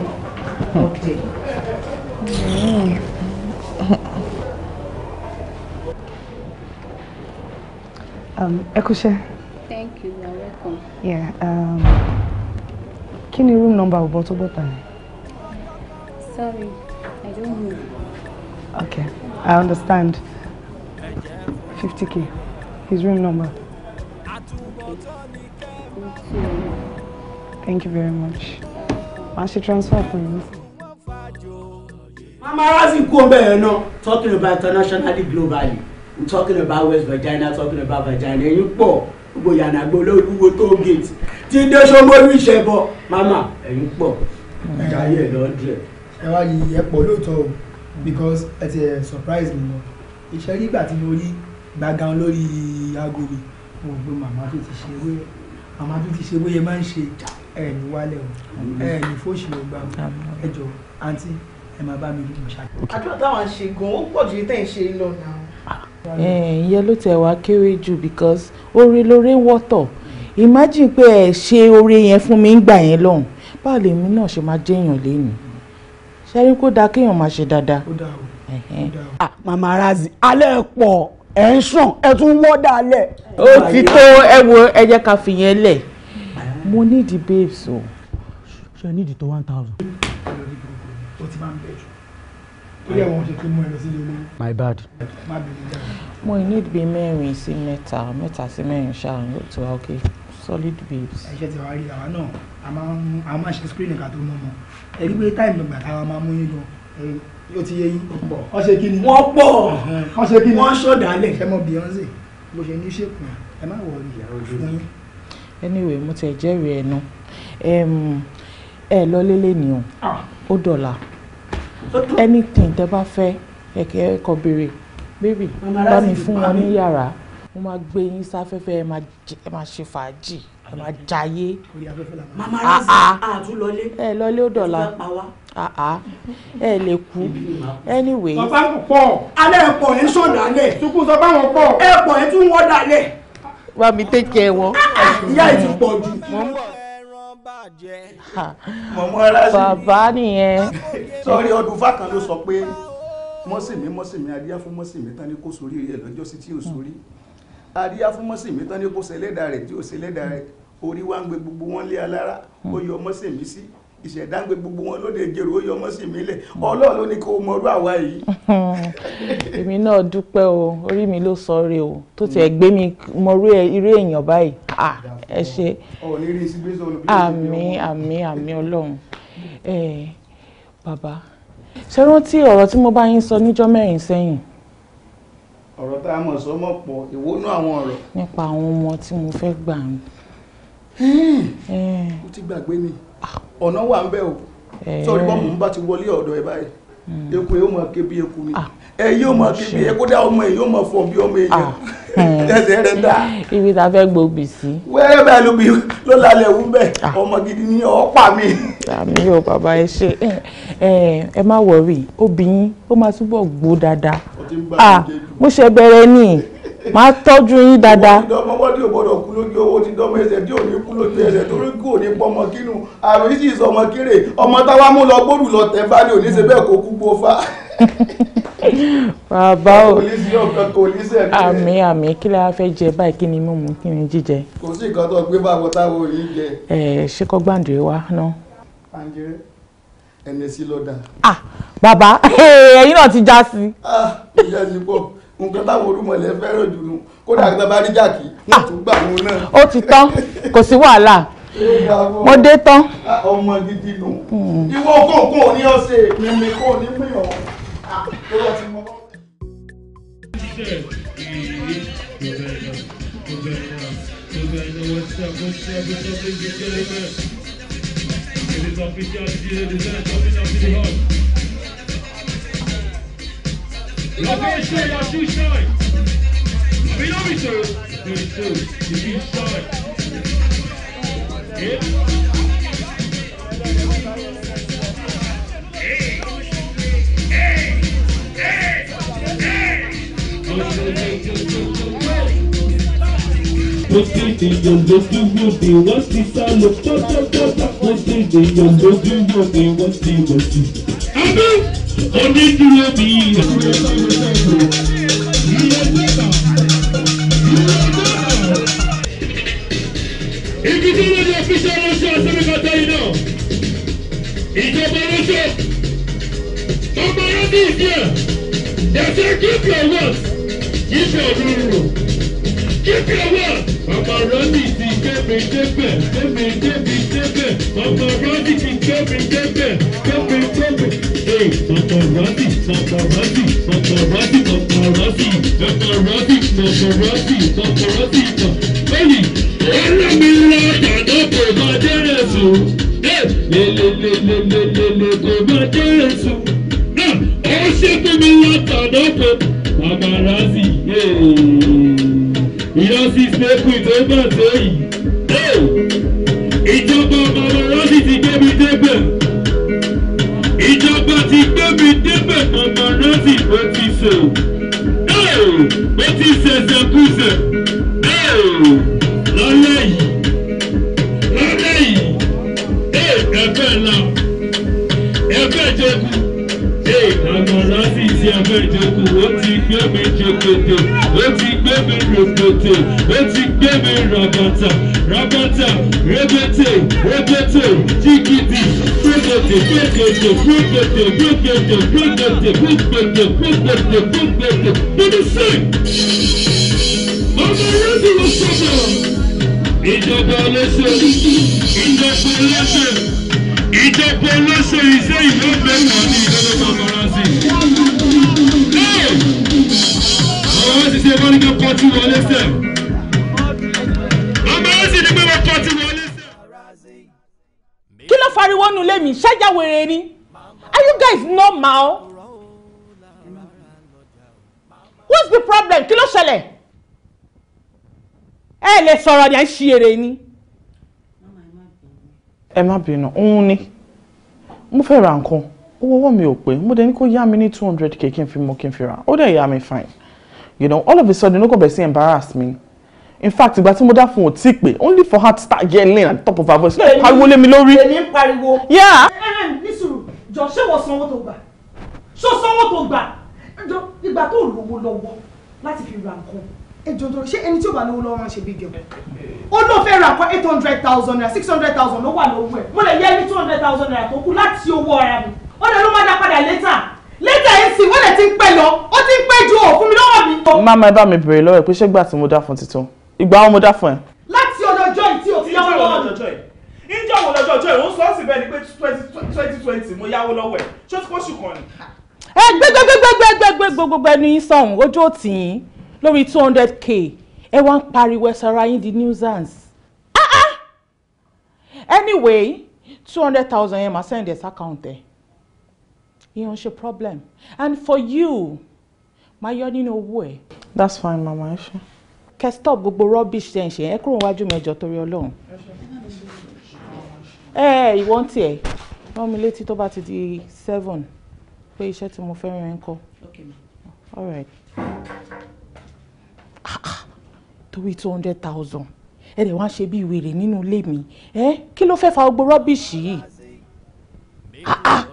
Um, ẹ Thank you, you are welcome. Yeah, um, kí ni room number ọ̀bọ tó bọ̀tà ni? Sorry, I don't know. Okay, I understand. 50k, his room number. Thank you very much. Why she transfer for you? Mama Razi Kumbe, you know, talking about internationally, globally. We're talking about West Virginia, talking about Virginia. You poor, Boyana, Bolo, Ugo, Toll Gate. Tindo Shomo, Rishebo, Mama, you poor. Jaya, Lord. Ẹ wá yìí, ẹ pọ̀ lóòótọ́ o because ẹ ti surprise mi lọ iṣẹ́ nígbà tí mo rí gbàgán lórí aago mi mo gbé màmá tó ti ṣe wé màmá tó ti ṣe wé yẹn máa ń ṣe ẹ̀ẹ̀mí wálẹ̀ o ẹ̀ẹ̀mí fóṣì ló gbà ẹ jọ àǹtí ẹ máa bá mi rí mo ṣàkóso. àdúrà táwọn ṣe gan ó pọ̀ ju tẹ̀ ń ṣe lọ náà. ìyẹn ló tẹ̀ wá kéré jù because orí lóore wọ́tọ̀ imagine pé ẹ ṣe oore yẹn fún mi ń gbà yẹn lọ́hùn báà lèmi náà ṣe máa jẹ́yàn lénìí ṣẹ́rí kó dáa kéèyàn máa ṣe dáadáa. ó dáa o. Ah, màmá razi alẹ́ pọ̀ ẹ̀ ń sàn ẹ̀ tún wọ́ dalẹ̀. ó ti tó ẹ wo ẹ jẹ́ ká fi yẹn lẹ̀. mo need the babes o. ṣe ní ìdí tó one thousand. o ti máa ń bẹ̀ my bad. mo need bí mẹ́rin sí mẹ́ta mẹ́ta sí mẹ́rin ṣáà ló ti wá ok solid babes. ẹ ṣe ti wá rí àwa náà a máa ń ṣe screening ká tó mọ́ mọ́ ẹ̀rí pé táìmù gbàgbà wa máa mú yín lọ yóò ti yé yín. wọ́n ṣe kí ni. wọ́n pọ̀ wọ́n ṣe kí ni. wọ́n ṣọ̀dálẹ̀. ẹ mọ Beyonce bó ṣe ní ṣèkùn ẹ má wọ ìyàwó ojú yín. anyway mo tẹ̀ jẹ́rìí ẹnu ẹ lọ lélẹ̀ ni o ó dọ̀la anything tẹ bá fẹ́ ẹ̀kẹ́ kọ béèrè bébì bá mi fún wọn ní yàrá mo máa gbé yín sáfẹ́fẹ́ ẹ máa ṣe fàájì ẹ máa jayé ah, ah. ẹ lọlé ó dọ̀la ẹ ah, lè kú anyway. bàbá kò pọ̀ alẹ́ ẹ̀pọ̀ ẹ̀ ń sọ̀dà alẹ́ tukú sọ báwọn pọ̀ ẹ̀pọ̀ ẹ̀ tún wọ́n dalẹ̀. wà mí tẹ́kẹ̀ wọn. ìyá ẹ̀ ti pọ̀ jù. bàbá nìyẹn. sọrí ọdún fákan ló sọ pé mọ́sìmí mọ́sìmí adíyá fún mọ́sìmí tán ní kó sórí rẹ̀ lọ́jọ́ tí ò sórí adíyá fún mọ́sìmí tán ní kó ṣẹlẹ́dà rẹ̀ tí ò ṣẹlẹ́dà rẹ̀ orí wa ń gbé gbogbo wọn lé alára ó yọ ọmọ sí mi sí ìṣẹ̀dá ń gbé gbogbo wọn lóde ìjẹrò ó yọ ọmọ sí mi lẹ̀ ọlọ́run ló ní kó mọrú àwa yìí. èmi náà dúpẹ́ o orí mi ló sọ re o tó tiẹ̀ gbé mi mọrú irú èèyàn báyìí ẹ ṣe àmín àmín àmín ọlọ́run bàbá ṣe rántí ọ̀rọ̀ tí mo bá yín sọ níjọ́ mẹ́rin sẹ́yìn ọ̀rọ̀ tá a mọ̀ sọ́mọ̀ pọ̀ ìwónú àwọn ọ̀rọ̀. nípa àwọn ọmọ tí mo fẹ́ gbà ń o hmm. ti gbàgbé mi ah. ọ̀nà wà ń bẹ̀ o eh. sọ̀rí bọ́ọ̀mù ń bá ti wọlé ọ̀dọ̀ ẹ̀ báyìí hmm. ekun yóò máa ké bí ekun ni ah. ẹ yóò máa ké bí ekun dá ọmọ ẹ yóò máa fọ bí ọmọ èèyàn ah. hmm. ẹsẹ̀ rẹ̀ dá. ibi tá a fẹ́ gbòbì sí. wẹ́rẹ́ bẹ́ẹ̀ ló bí ló lálẹ́ òun bẹ́ẹ̀ ọmọ gidi ni ọ̀pá mi. àmì yóò bàbá ẹ ṣe eh, eh, ẹ má wọrí obìnrin ó máa túbọ̀ gbó dáadáa mo ṣe bẹ̀rẹ̀ nìyí máa tọ́jú yín dáadáa. ọmọ tí o gbọ́dọ̀ kú lójú owó ti dọ́mọ ẹsẹ̀ tí ò ní kú lójú ẹsẹ̀ torí kú ò ní pọ́ ọmọ kínú àrùn yìí sì sọ ọmọ kéré ọmọ táwa mú lọ gbóòrù lọ tẹ̀ bá ní òní ṣe bẹ́ẹ̀ kó kú gbó fa. bàbá o àmì àmì kí lè fẹ́ jẹ báyìí kí ni mímu kí ni jíjẹ. kò sí nǹkan tó gbé báwo táwo yìí jẹ. ẹ nǹkan táwọn olúmọ̀lẹ́ fẹ́ràn jù nù kódà tá bá rí jàkí wọn tún gbà wọn náà. ó ti tán kò sí wàhálà mo dé tán. Ah, ọmọ gidi nù hmm. ìwọ kókó ní ọ̀sẹ̀ mímí kó ní mìíràn tó ah, lọ ti mọ. It If I finish good, I'll do shine. If you know me to, do it too. If you shine. Yeah. Hey. Hey. Hey. Hey. Go, go, go, go, go, go. What's this all about? What's this all about? What's this all about? What's this all about? onídìrí bí ibi tí wọ́n yọ fi ṣe ránṣẹ́ ọ̀sẹ̀mẹ́kọ̀tà yìí náà ìjọba ránṣẹ́ ọmọ yẹn ní ìdí ẹ̀ they say keep your words keep your rule. Give me a word. Ọmọ Rọ́dì ti kébé débẹ̀, kébé débi débẹ̀. Ọmọ give me, kébé débẹ̀, kébé débẹ̀. Ee, ọmọ Rọ́dì, ọmọ Rọ́dì, ọmọ Rọ́dì, ọmọ Rọ́dì, ọmọ Rọ́dì, ọmọ Rọ́dì, ọmọ Rọ́dì kan. Bẹ́ẹ̀ni, ẹ̀rọ mi lọ dàgbà kò le le le le le, má dẹ́rẹ̀ sùn. Náà, ó ṣe fún mi wọ́n tàdọ́kọ̀. Paparazzi, yéé ìyọsí sẹ́kù ìdẹ́gbọ̀n sẹ́yìn. ìjọba babalọ́ sì ti gbé mi débẹ̀. ìjọba ti gbé mi débẹ̀ babalọ́ sì ló ti sẹ̀. ó ti ṣẹ̀ṣẹ̀ kù sẹ̀. ti ẹ̀fẹ́ ìjẹ̀kù ó ti gbé mi jòkòtò ó ti gbé mi rògbòtò ó ti gbé mi rọ̀bọ̀tà rọ̀bọ̀tà rẹ́bẹ̀tẹ̀ rẹ́bẹ̀tẹ̀ jígidì gbẹ̀gbẹ̀tẹ̀ gbẹ̀gbẹ̀tẹ̀ gbẹ̀gbẹ̀tẹ̀ gbẹ̀gbẹ̀tẹ̀ gbẹ̀gbẹ̀tẹ̀ gbẹ̀gbẹ̀tẹ̀ gbẹ̀gbẹ̀tẹ̀ gbẹ̀gbẹ̀tẹ̀ bíbí sí. ọmọ rẹ́bí ló sọ̀rọ̀ ìjọba ọlẹ́sẹ̀ ìjọba ọlẹ́sẹ̀ ìjọba ọlẹ́sẹ̀ ìṣe ìlú ọ̀gbẹ́ kan ní ìjọba ọmọ ránṣẹ́. olórí tó kọ́ tí wọlé sẹ̀. ọmọ kí ló fariwo nu lé mi ṣájà ni are you guys normal? what's the problem kí ló ṣẹlẹ̀? ẹ lè sọ̀rọ̀ ni à ń ṣe eré ni. ẹ má bínú òun ni mo fẹ́ ra nǹkan owó ọwọ́ mi ò pé mo dẹ̀ ní kó yá mi ní two hundred k kí n fi mú kí n fi ra ó dẹ̀ yá mi fine you know all of a sudden no go person embarrass me in fact ìgbà tí mo dá fún òtí pé only for her to start yelling at the top of her voice náà pariwo lé mi lórí. èmi ń pariwo. yá. ní sùúrù jọ ṣé wọ́n sanwó tó gbà ṣó sanwó tó gbà ìgbà tó lówó lọ́wọ́ láti fi ra nǹkan ẹjọ tó ṣé ẹni tí ó wà lówó lọ́wọ́ máa ṣe big girl ó ló fẹ́ ra nǹkan eight hundred thousand naira six hundred thousand ló wà lówó ẹ̀ mo lè yẹ ní two hundred thousand naira tó kù láti owó ara mi ó lè ló má dá padà later létà yìí sì wọ́n lè ti ń pẹ́ lọ ó ti ń pẹ́ ju òfun mi lọ́wọ́ mi. màmá ẹ bá mi bèrè lọ́wọ́ ẹ pé ṣé gbà tí mo dá fún titun ìgbà wo mo dá fún ẹ. láti ọlọ́jọ́ yìí tí o ti yáwó lọ́wọ́ mi. ìjọ wo lọ́jọ́ ọjọ́ ìwọ̀n sọ́ọ̀sì bẹ́ẹ̀ ni pé twenty twenty mo yáwó lọ́wọ́ ẹ̀ ṣó ti pọ́ṣù kan ni. ẹ gbẹgbẹgbẹgbẹgbẹgbẹgbẹ ẹnu yín sọ̀hún ojú ò tì yín lórí two hundred k ẹ wá ń pariwo ẹsẹ̀ ara yín di nuisance. Ah, ah. anyway two hundred thousand yẹn máa send ẹ̀ sí account ẹ̀ ìyẹn ṣe problem and for you máa yọ nínú owó ẹ. that's fine mama ẹ ṣe. kẹ stop gbogbo rubbish ṣe ń ṣe ẹ kúrò wájú mẹjọ torí Ọlọ́run. ẹ ìwọ ń tiẹ̀ rán mi létí tó bá ti di seven pé iṣẹ́ tí mo fẹ́ rán ẹ ń kọ́. all right. Ah, ah, torí two hundred thousand ẹ dẹ̀ wá ṣe bí wèrè nínú ilé mi ẹ kí ló fẹ́ fa gbogbo rubbish yìí. Ah,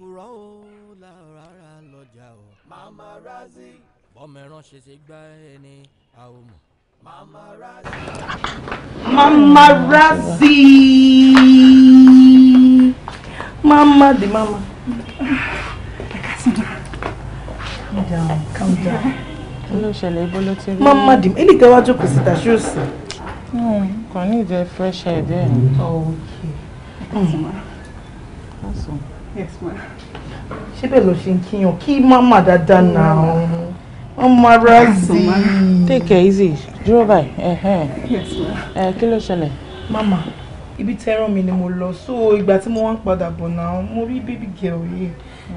purọ́ o lára lọ́jà o. màmá razi. bọ́mẹ̀rán ṣe ṣe gbá ẹni a ò mọ̀. màmá razi. Mama razi. màmá di Mama. calm di ẹni tẹ́wá jókòó síta ṣé o sì. Hmm, kàn ní ìdẹ fresh air there. ok. Mm. Yes bẹ́ẹ̀ ló ṣe ń kíyàn kí mama dáadáa náà mama razi. take it easy dúró báyìí ẹ Eh ló ṣẹlẹ̀. mama ibi tẹ́ràn mi ni mo lọ so ìgbà tí mo wá ń padà bọ̀ náà mo rí baby girl yìí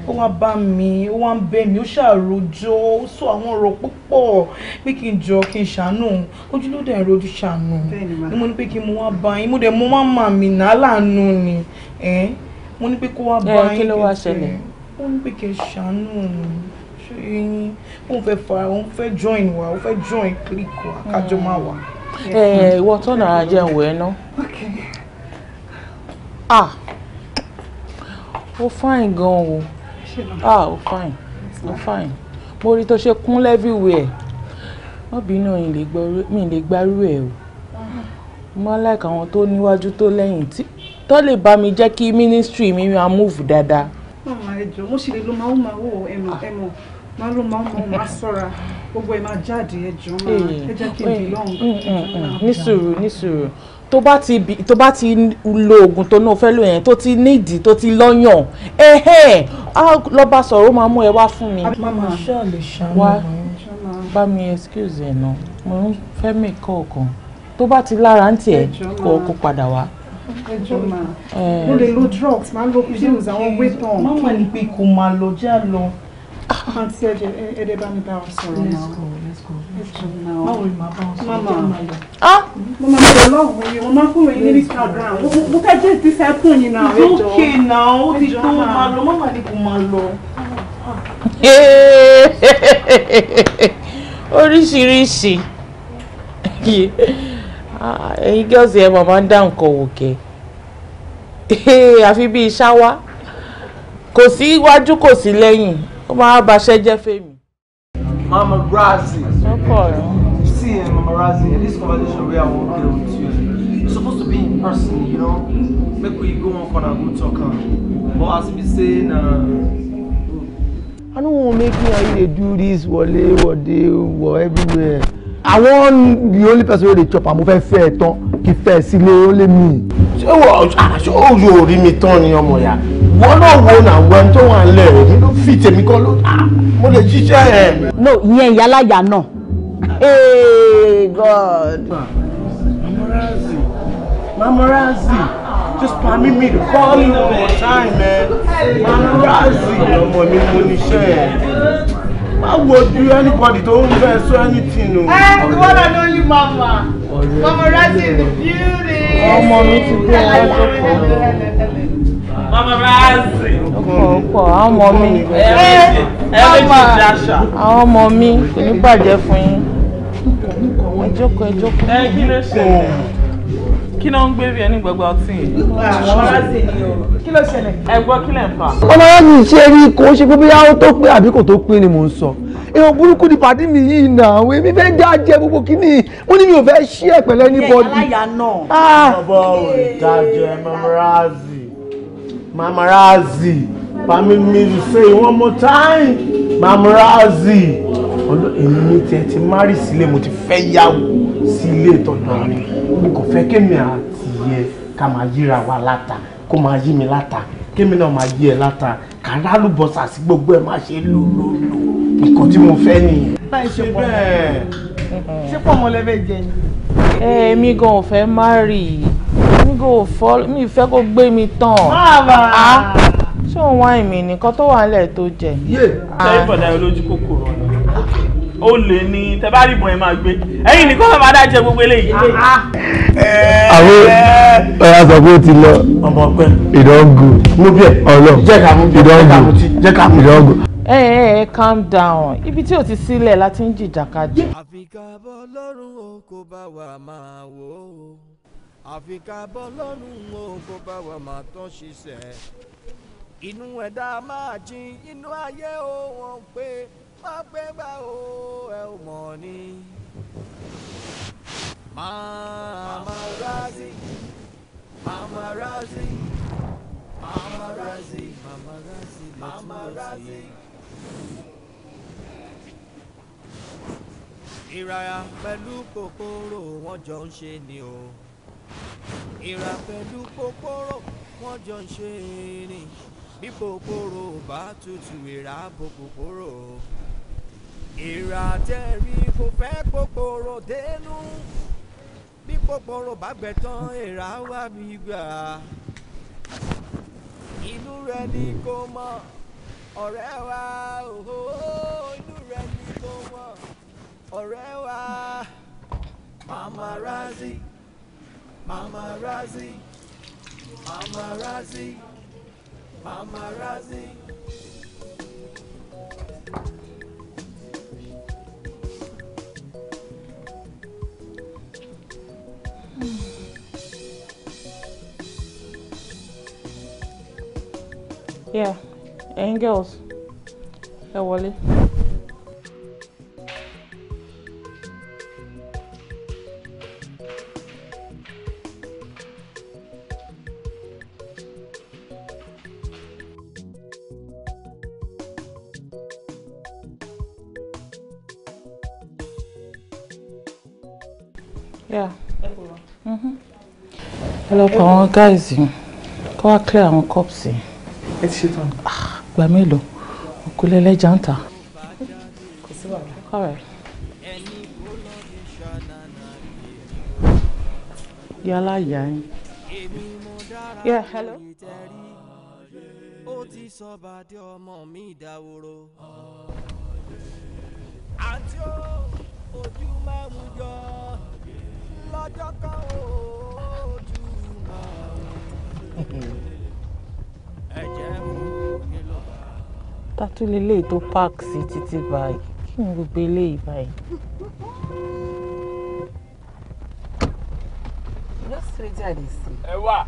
ó wá bá mi ó wá ń bẹ̀ mí ó ṣàròjọ́ ó sọ àwọn ọ̀rọ̀ púpọ̀ pé kí n jọ kí n ṣàánú ojú ló dẹ̀ ni mo ní pé kí n mo wá bá yín mo dẹ̀ mo má mà mí náà láàánú ni. Eh? mo ní pé kó wá eh, bá yín kí ló wá ṣẹlẹ̀ ó ní pé kẹ́ ṣàánú ṣé yín ó fẹ́ fara ó fẹ́ join wa ó fẹ́ join click wa kájọ máa wà. Hmm. Eh, ìwọ tó nàá jẹun wẹ̀ ná. ah ó fine gan o ah ó fine ó fine mo rí tó ṣe kún everywhere obìnrin náà mi lè gbárù ẹ̀ o mo máa láìka àwọn tó níwájú tó lẹ́yìn tí tó lè bá mi jẹ́ kí mínísítírì mi máa múùfù dáadáa. màmá ẹ jọ̀ọ́ mo ṣe lè lo máa ń máa wò ẹmọ ẹmọ máa ló máa ń mọ máa sọ́ra gbogbo ẹ máa jáde ẹ jọ̀ọ́ máa eh, ẹ jẹ́ kí n bì lọ́hùn. Eh, eh, ní sùúrù tó bá ti bi tó bá ti lo oògùn tó náà fẹ́ lò yẹn tó ti nídìí tó ti lọ́yàn ẹ̀hẹ́n á lọ sọ̀rọ̀ ó máa mú ẹ wá fún mi. mama wá bá mi excuse ẹ̀ náà mo ń fẹ́ mi kọ̀ọ̀kan tó bá ti lára ń tiẹ̀ kọ̀ọ̀kan padà wá ẹjọ máa mo lè lo drugs máa lo pills àwọn weight on. má wà ní pé kò máa lọ jẹ́ à lọ. àǹtí ẹ̀jẹ̀ ẹ̀ẹ́dẹ̀ bá mi bá ọ sọ̀rọ̀ náà ẹjọ náà má wò má bá ọ sọ̀rọ̀ má má lọ. mo máa bẹ̀rẹ̀ lọ́wọ́ yìí mo máa fún yín ní Instagram mo fẹ́ jẹ́ ti sẹ́kùn yìí náà ẹjọ. it's okay náà ó ti tó máa lọ má wà ní kò máa lọ. oríṣiríṣi. Ah, ẹ̀yin girls yẹn màmá ń dá nǹkan wò kẹ́ àfi bíi ṣáwá kò sí iwájú kò sí lẹ́yìn ó máa baṣẹ́ jẹ́ fèmí. mama razi see eh, mama razi this conversation wey i wan get with you you suppose to be in person you know make we go one corner go talk am but as we say na. i no wan make you and you dey do this wale wade war everywhere. I want the only person wey dey chop am mo fẹ́ fẹ́ ẹ tán kì í fẹ́ ẹ sílé ó lé mi. ṣé o ṣé o yóò rí mi tán ni ọmọ ya wọn náà wo náà wọn tó wà lẹ èmi ló fi tèmi kọ́ ló mo lè ṣiṣẹ́ ẹ. no ìyẹn ìyálàyà náà ee god. mamorazi mamorazi just permit me to call you one more time man mamorazi ọmọ mi mo níṣẹ́ ẹ má wojú anybody tó ń fẹ́ sọ anything o. ẹ wọ́n lọ lórí mama mama rati the beauty. ọmọ mi ti gbé wọn lọ́kọ̀ọ́. mama rati. ọ̀pọ̀ àwọn ọmọ mi. àwọn ọmọ mi kò ní bàjẹ́ fún yín. ẹ jókòó ẹ jókòó. ẹ kí ló ṣe kí ló ń gbé bí ẹni gbogbo ọtí yìí. kí ló ṣẹlẹ̀. ẹ gbọ́ kí lẹ̀ ń fa. ọmọ ṣe rí kò ṣe pé bóyá tó pé àbí kò tó pé ni mò ń sọ èèyàn burúkú ni pàdé mi yìí nà àwọn èmi fẹ́ já jẹ gbogbo kínní mo ní mi ò fẹ́ ṣí ẹ̀ pẹ̀lẹ́ ní bọ́ọ̀dù. aláya náà. Ah! bọ́bọ́ ìdájọ́ mamarazi mamarazi pàmí mi say one more time mamarazi ọlọ́ èmi ní tiẹ̀ ti márì sílẹ̀ mo ti fẹ́ yàwó sí ilé ìtọ́jú mi mo kàn fẹ́ kémi àti yẹ ká máa yíra wa láta kó máa yí mi láta kémi náà máa yí ẹ láta kàrá ló bọ̀ sàsí gbogbo ẹ̀ má ṣe lò lò lò nǹkan tí mo fẹ́ nìyẹn. láì ṣe bẹ́ẹ̀ ṣé pọ̀mọ́ lẹ́fẹ̀ẹ́ jẹ ni. èmi gan ò fẹ́ má rí i mi kò fọ́ mi fẹ́ kó gbé mi tán. máa ah! ṣé òun wá ìmì nìkan tó wà nílẹ̀ tó jẹ. yé ṣe é olójú kòkòrò ni ó lè ní tẹ bá rí ìbọn ẹ máa gbé ẹ̀yin nìkan bá máa dá jẹ gbogbo eléyìí. àwọn ọ̀rọ̀ sọ pé ó ti lọ ìdánwò mú bíẹ̀ ọ̀lọ́ ìdánwò ìdánwò. ẹ ẹ ẹ calm down ibi tí o ti sílẹ̀ láti ń jìjàkadì. àfikàbọ̀ lọ́rùn o kò bá wa máa wò ó àfikàbọ̀ lọ́rùn o kò bá wa máa tán ṣiṣẹ́ inú ẹ̀dá máa jin inú ayé ó wọ́n pé máa pẹ́ gbà ó ẹ ò mọ̀ ni. Mamarazzi, Mamarazzi, Mamarazzi, Mamarazzi, Mamarazzi. Ìràyà pẹ̀lú kòkòrò wọ́n jọ ń ṣe ni o. Ìrà pẹ̀lú kòkòrò wọ́n jọ ń ṣe ni. Bí kòkòrò bá tutù ìrà bo kòkòrò ìrà tẹ̀rí kò fẹ́ kòkòrò dénú bí kòkòrò bá gbẹ tán ìrà wà mí gbà inú rẹ ni kò mọ ọ̀rẹ́ wa òhó inú rẹ ni kò mọ ọ̀rẹ́ wa mamarazzi mamarazzi mamarazzi mamarazzi. yeah ẹ̀yin girls ẹ wọlé. Yeah. Mm-hmm. Hello, guys. Go clear our cups ẹ ti ṣetán. gba mélòó òkú lẹ́lẹ́jà ń ta. kò sí wàhálà. yálà yà yín. yeah hello. ó ti sọ bàdé ọmọ mi ìdáwòrò. àti ó ojú máa ń jọ lọ́jọ́ kan ó ojú máa ń jọ tátú leléyìí tó park sí títí báyìí kí ni gbogbo eléyìí báyìí. you no stranger dey see. ẹ wà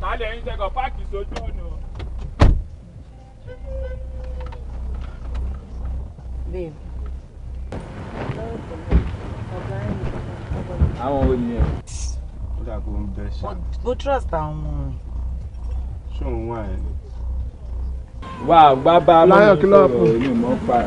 ta lè ń jẹ́kọ̀ páàkì sójú ọ̀nà. babe. àwọn wo ni ẹ. ó dà kó ń bẹ́ ṣá. mo trust àwọn ọmọ mi ṣóun wà ẹ̀. wà á gbá bá a máa ń ọmọ náà lọ mẹ́rà ni mo bá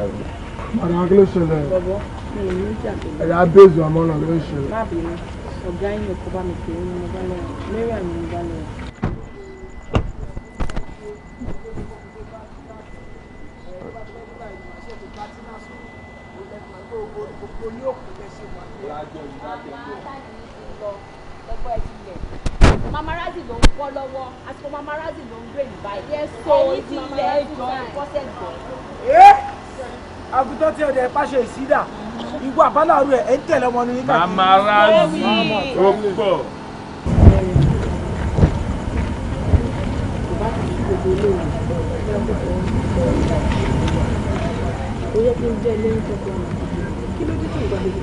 mamarazzi ló ń kọ́ lọ́wọ́ àsìkò mamarazzi ló ń gbé ìbáyìí. ẹ sọ ti ilẹ̀ ẹjọ́ ìfọ́sẹ̀ gbọ́. ẹ eh? àgùntàn tí ọdẹ pàṣẹ ìsídà ìwọ àbálàrú ẹ ẹ ń tẹ̀lé ọmọ ní nígbà tí. mamarazzi ó pọ̀. Oye kí n jẹ́ ilé ń tọ́jú ọmọ. Kí ló dé tó ìgbàlejò?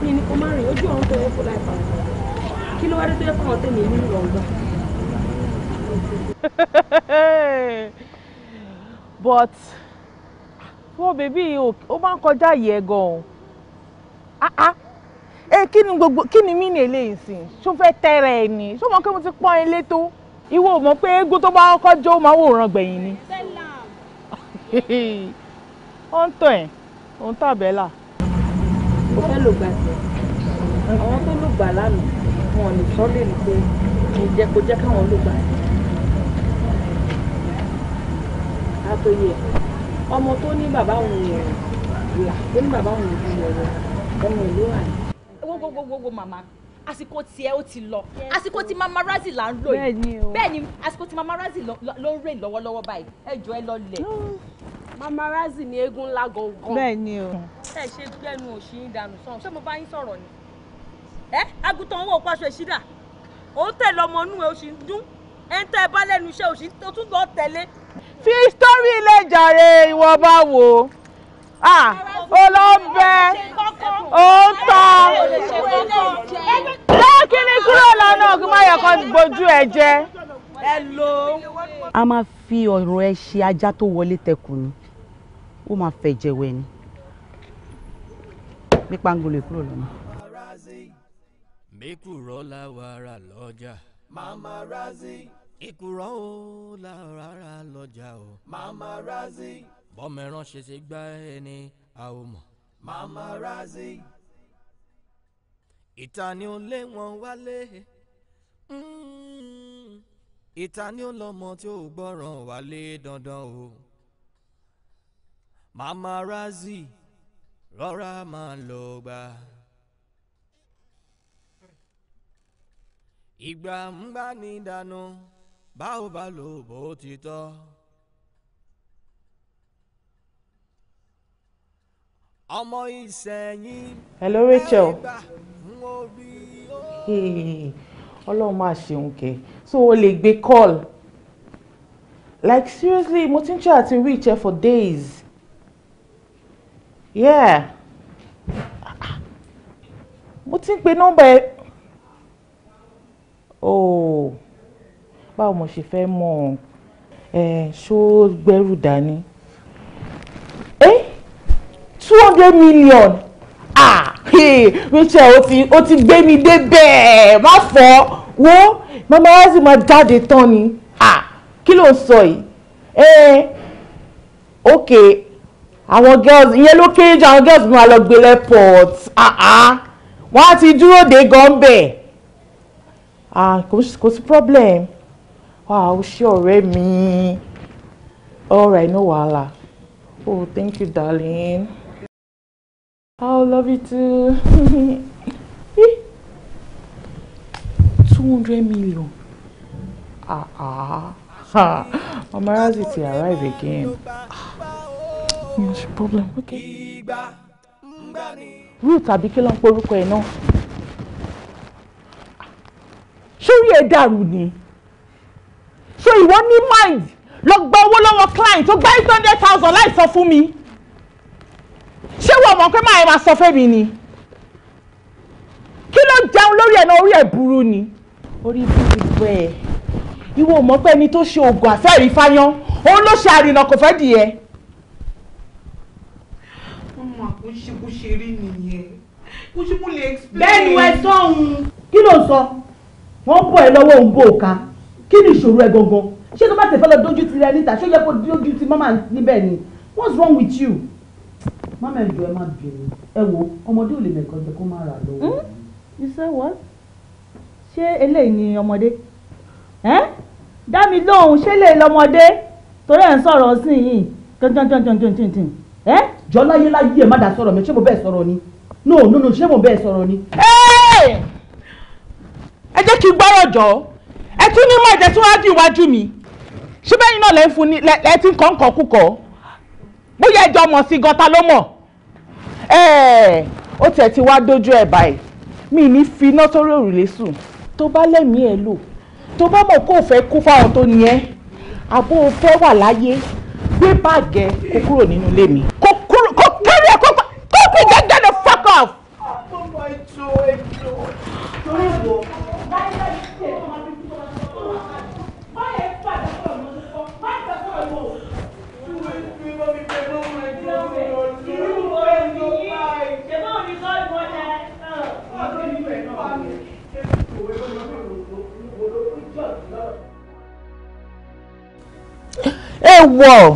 Mi ni kò má rìn ojú ọ̀hún tó yẹ fún láìpẹ́ kí ló wá dé tó yẹ kọ́ ọ́n tẹ̀mí nínú ọ̀gbà. but fún bèbí ó máa ń kọjá yìí ẹ gan-an ẹ ah, ah. eh, kí ni gbogbo kí ni mí ní eléyìí sìn ṣó fẹ́ tẹ́rẹ̀ ẹ ni ṣó mọ̀ pé mo ti pọ́n ilé tó ìwọ ò pé eégún tó bá kọ́ jó máa wòran gbẹ̀yìn ni ó ń tàn ẹ́ ó ń tàbẹ́là. ó fẹ́ lògbà tiẹ̀ àwọn tó lògbà lánàá wọn lè sọ lè rí pé ìjẹ́ kó jẹ́ káwọn ló gbà ẹ́. àtòyè ọmọ tó ní bàbá òun yẹn ìyà tó ní bàbá òun yẹn ìyẹn ọmọ ìlú wà ní. gbogbogbogbo màmá àsìkò tiẹ̀ ó ti lọ àsìkò tí mamarazzi là ń lò yìí bẹ́ẹ̀ ni àsìkò tí mamarazzi ló ń rìn lọ́wọ́lọ́wọ́ báyìí ẹ jọ ẹ lọ lẹ̀. Oh. mamarazzi ni eégún ńlá gangan. bẹ́ẹ̀ ni o. ẹ ṣe gbẹnu òṣì ń dànù sàn ṣé mo bá yín sọ̀rọ̀ ni ẹ àgùntàn owó òpàṣọ ìṣídà òun tẹ̀lé ọmọ inú ẹ oṣù dún ẹ ń tẹ ẹ bá lẹ́nu iṣẹ́ oṣù tó tún lọ tẹ̀lé. fi sítórí ilé jàre ìwọ bá wò ó lọ bẹ ó ń tọ lẹ́ẹ̀kínní kúrò lọ́nà kí má yẹ ẹ jẹ. a máa fi ọ̀rọ̀ ẹ ṣe ajá tó wọlé tẹkùn ni ó máa fẹ̀jẹ̀ wẹ̀ ni pípa ń gbolè kúrò lọ́nà ìkùrọ̀ làwàrà lọ́jà. Razi, ìkùrọ̀ ó làwàrà lọ́jà o. Razi, bọ́mẹ̀rán ṣe ṣe gbá ẹni a ò mọ̀. Mamarazzi. Razi, ni ó lé wọn wálé mm. ìta ni ó lọ́mọ tí ó gbọ́ràn wálé dandan o. Razi, rọra máa lọ gbà. ìgbà ń gbà ní ìdáná báwo bá lò bó ti tọ́. ọmọ ìsẹ̀yìn. hello Rachel. ọlọ́run máa ṣeun kẹ́ so o lè gbé call like seriously mo ti ń ṣe àti reach ẹ for days yeah mo ti ń pe nọ́mbà ẹ oh báwo mo ṣe fẹ́ mọ̀ ẹ̀ ṣó gbẹ́rù dání eh two hundred million ah rachel o ti o ti gbé mi dé bẹ́ẹ̀ má fọ́ wo mama wa sì máa jáde tán ni ah kí ló ń sọ yìí eh ok àwọn girls ìyẹn ló kéré jù àwọn girls mi wà lọ gbé lẹ́pọ̀t ah, ah, wọ́n á ti dúró dé gan bẹ́ẹ̀. Ah, kò sí problem ah o ṣé ọ̀rẹ́ mi all right no wahala oh thank you darling i love you too two hundred million ah ah Amarazi ti arrive again ah, no problem okay. Ruth àbí kí ló ń porúkọ ẹ̀ náà sórí ẹ̀ dàrú ni so ìwọ ní mind lọ gba owó lọ́wọ́ client tó gba eight hundred thousand láì sọ fún mi ṣé wọ́n mọ̀ pé máa ẹ̀ máa sọ fẹ́ mi ni kí ló jẹun lórí ẹ̀ náà orí ẹ̀ burú ni orí burú gbẹ ẹ̀ ìwọ mọ̀ pé ẹni tó ṣe oògùn àfẹ́rí fáyán òun ló ṣe àrìnà kò fẹ́ dìé. ọmọ àkúnṣe bó ṣe rí nìyẹn bó ṣe mo lè explain. bẹ́ẹ̀ ni ẹ sọ ohun kí ló sọ wọ́n bọ̀ ẹ́ lọ́wọ́ òun bò ká kí ni ìṣòro ẹ gangan ṣé tó bá tẹ̀fẹ́ lọ dójú ti rẹ níta ṣé ó yẹ kó dójú ti mama níbẹ̀ ni what's wrong with you. mama ẹ jọ ẹ má bínú ẹ wo ọmọdé ò lè mẹ̀kọ́ jẹ kó má rà lọ́wọ́. Hmm? you say what? ṣé eléyìí ni ọmọdé? dá mi lóhùn ṣé eléyìí lọmọdé torí ẹ̀ ń sọ̀rọ̀ sí yìí tọ́ntọ́ntọ́ntọ́ntọ́ntọ́n. jọláyé láyé ẹ̀ má dá sọ̀rọ̀ mi ṣé mo bẹ́ẹ̀ sọ̀rọ̀ ni no no no ṣé mo bẹ́ẹ̀ sọ̀rọ̀ ni. ẹ jẹ́ kí n gbọ́rọ̀ jọ ẹ tún ní mọ̀ ẹ̀jẹ̀ tí wọ́n á di iwájú mi ṣé bẹ́yìn náà lẹ́ ń fún ni lẹ́ ti ń kọ́ nǹkan kúkọ́ bóyá ẹjọ́ mọ̀ sí gan ta ló mọ̀ ẹ̀ẹ́ ó tiẹ̀ ti wá dójú ẹ̀ báyìí mi ní fi iná sórí òrùlé sùn tó bá lẹ́mìí ẹ̀ lò tó bá mọ̀ kó o fẹ́ kú fáwọn tó ní ẹ́ àbó o fẹ́ wà láyé gbé báàgẹ́ kó kúrò nínú ilé mi. ẹ wọ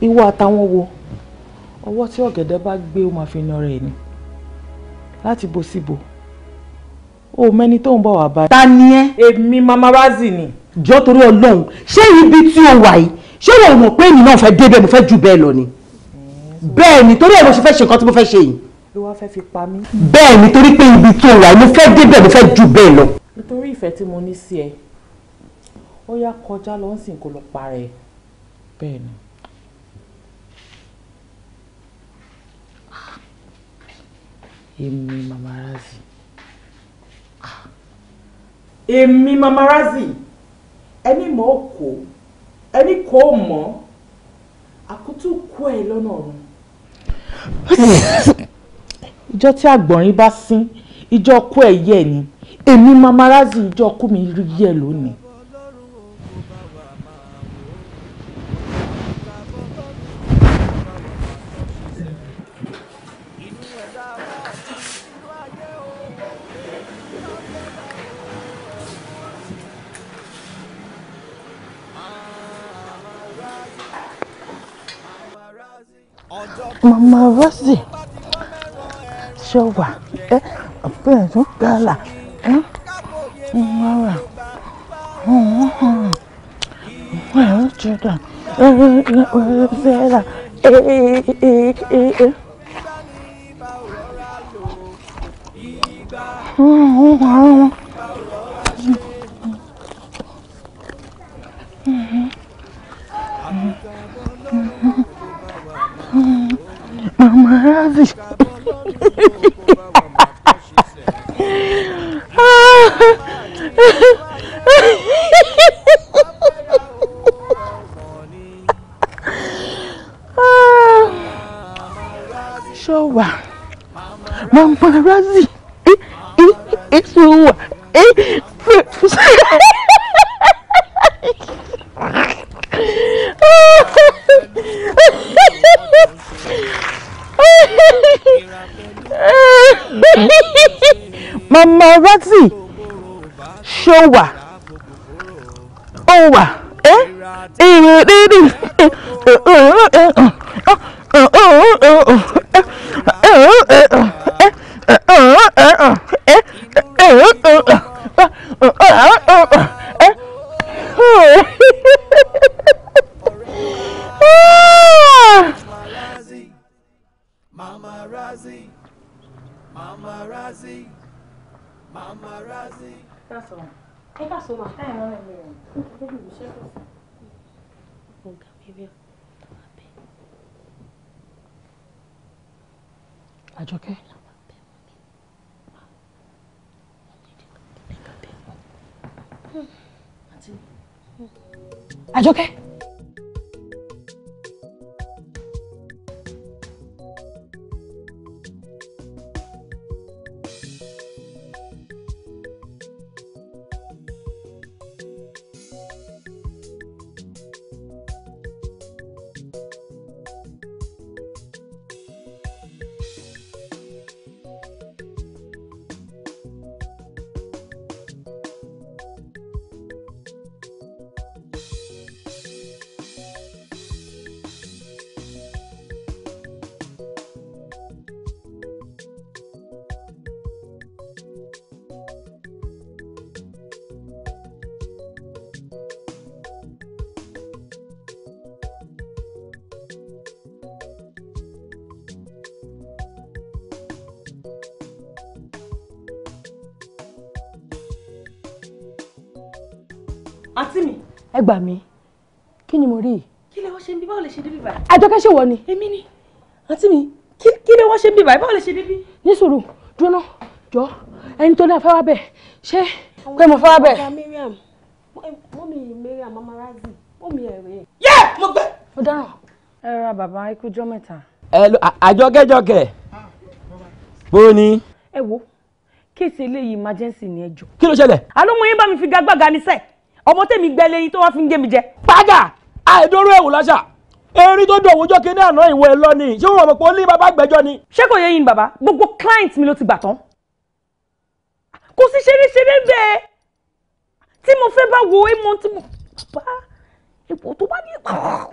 ìwọ àtàwọn wo ọwọ́ tí ọ̀gẹ̀dẹ̀ bá gbé ó máa fi nà rẹ̀ ni láti bo síbo o mẹ́ni tó ń bọ̀ wá báyìí. ta ni ẹ. èmi mama razi ni. jọ torí Ọlọ́run ṣé ibi tí o wà yìí ṣé wọn ò mọ̀ pé èmi náà fẹ́ débẹ̀ mo fẹ́ jù bẹ́ẹ̀ lọ ni bẹ́ẹ̀ ni torí ẹ̀ mo ṣe fẹ́ ṣe nǹkan tí mo fẹ́ ṣe yìí. ló wá fẹ́ fi pa mí. bẹ́ẹ̀ ni torí pé ibi tó wà mo fẹ́ débẹ̀ mo fẹ́ jù bẹ́ẹ̀ lọ. nítorí ìfẹ́ tí mo ní sí ẹ ó yá kọjá lọ ń sìn kó lọ para ẹ̀. èmi mama razi. èmi mama razi ẹni mọ̀ ọ́ kó ẹni kò mọ̀ àkútú kó ẹ lọ́nà ọ̀run. ìjọ tí àgbọ̀nrín bá sín ìjọ kú ẹ̀ yẹ̀ ni èmi mama razi ìjọ kú mi rí yẹ̀ lónìí. Rosie ṣọwà ẹ ọ̀pẹ̀rẹ̀ tó gàlà ẹ ńwárà ẹ ń jẹ̀dà ẹ ẹ fẹ́ra ẹ ẹ ẹ ẹ. Mm-hmm. ó wà ó wà ẹ́ ìrírí Uh-uh. आज okay okay? gbà mí kí ni mo rí i. kí lè wọ́n ṣe ń bí báwo lè ṣe débi báyìí. àjọkẹ́ ṣe wọ ni. èmi ni àǹtí mi kí lè wọ́n ṣe ń bí báyìí báwo lè ṣe débi. ní sùúrù dúró jọ ẹni tó ní afẹ́ wá bẹ̀ ṣé pé mo fẹ́ wá bẹ̀. mọ́mí Mariam Amarazi mọ́mí ẹ̀rẹ́. yẹ mo gbẹ. mo dáràn. ẹ ra bàbá ikú jọ mẹ́ta. ẹ lo àjọkẹ́jọkẹ́ bó ni. ẹ wo kéèsì eléyìí emergency ni ẹ jọ. kí ló ṣẹlẹ̀. àlọ́ mo yín bá mi fi gagbága ní sẹ́ẹ̀ ọmọ tèmi gbẹlẹ yín tó wá fi ń gé mi jẹ. padà àìdóró ẹ̀wò lọ́sà erin tó dùn òwújọ́ kínní àná ìwọ ẹ̀ lọ ni ṣé wọn mọ̀ pé ó ní bàbá gbẹ́jọ́ ni. ṣé kò yẹ yín bàbá gbogbo client mi ló ti gbà tán kò sí ṣeréṣeré bẹ́ẹ̀ tí mo fẹ́ bá wo émọ tí mo bá ipò tó bá ní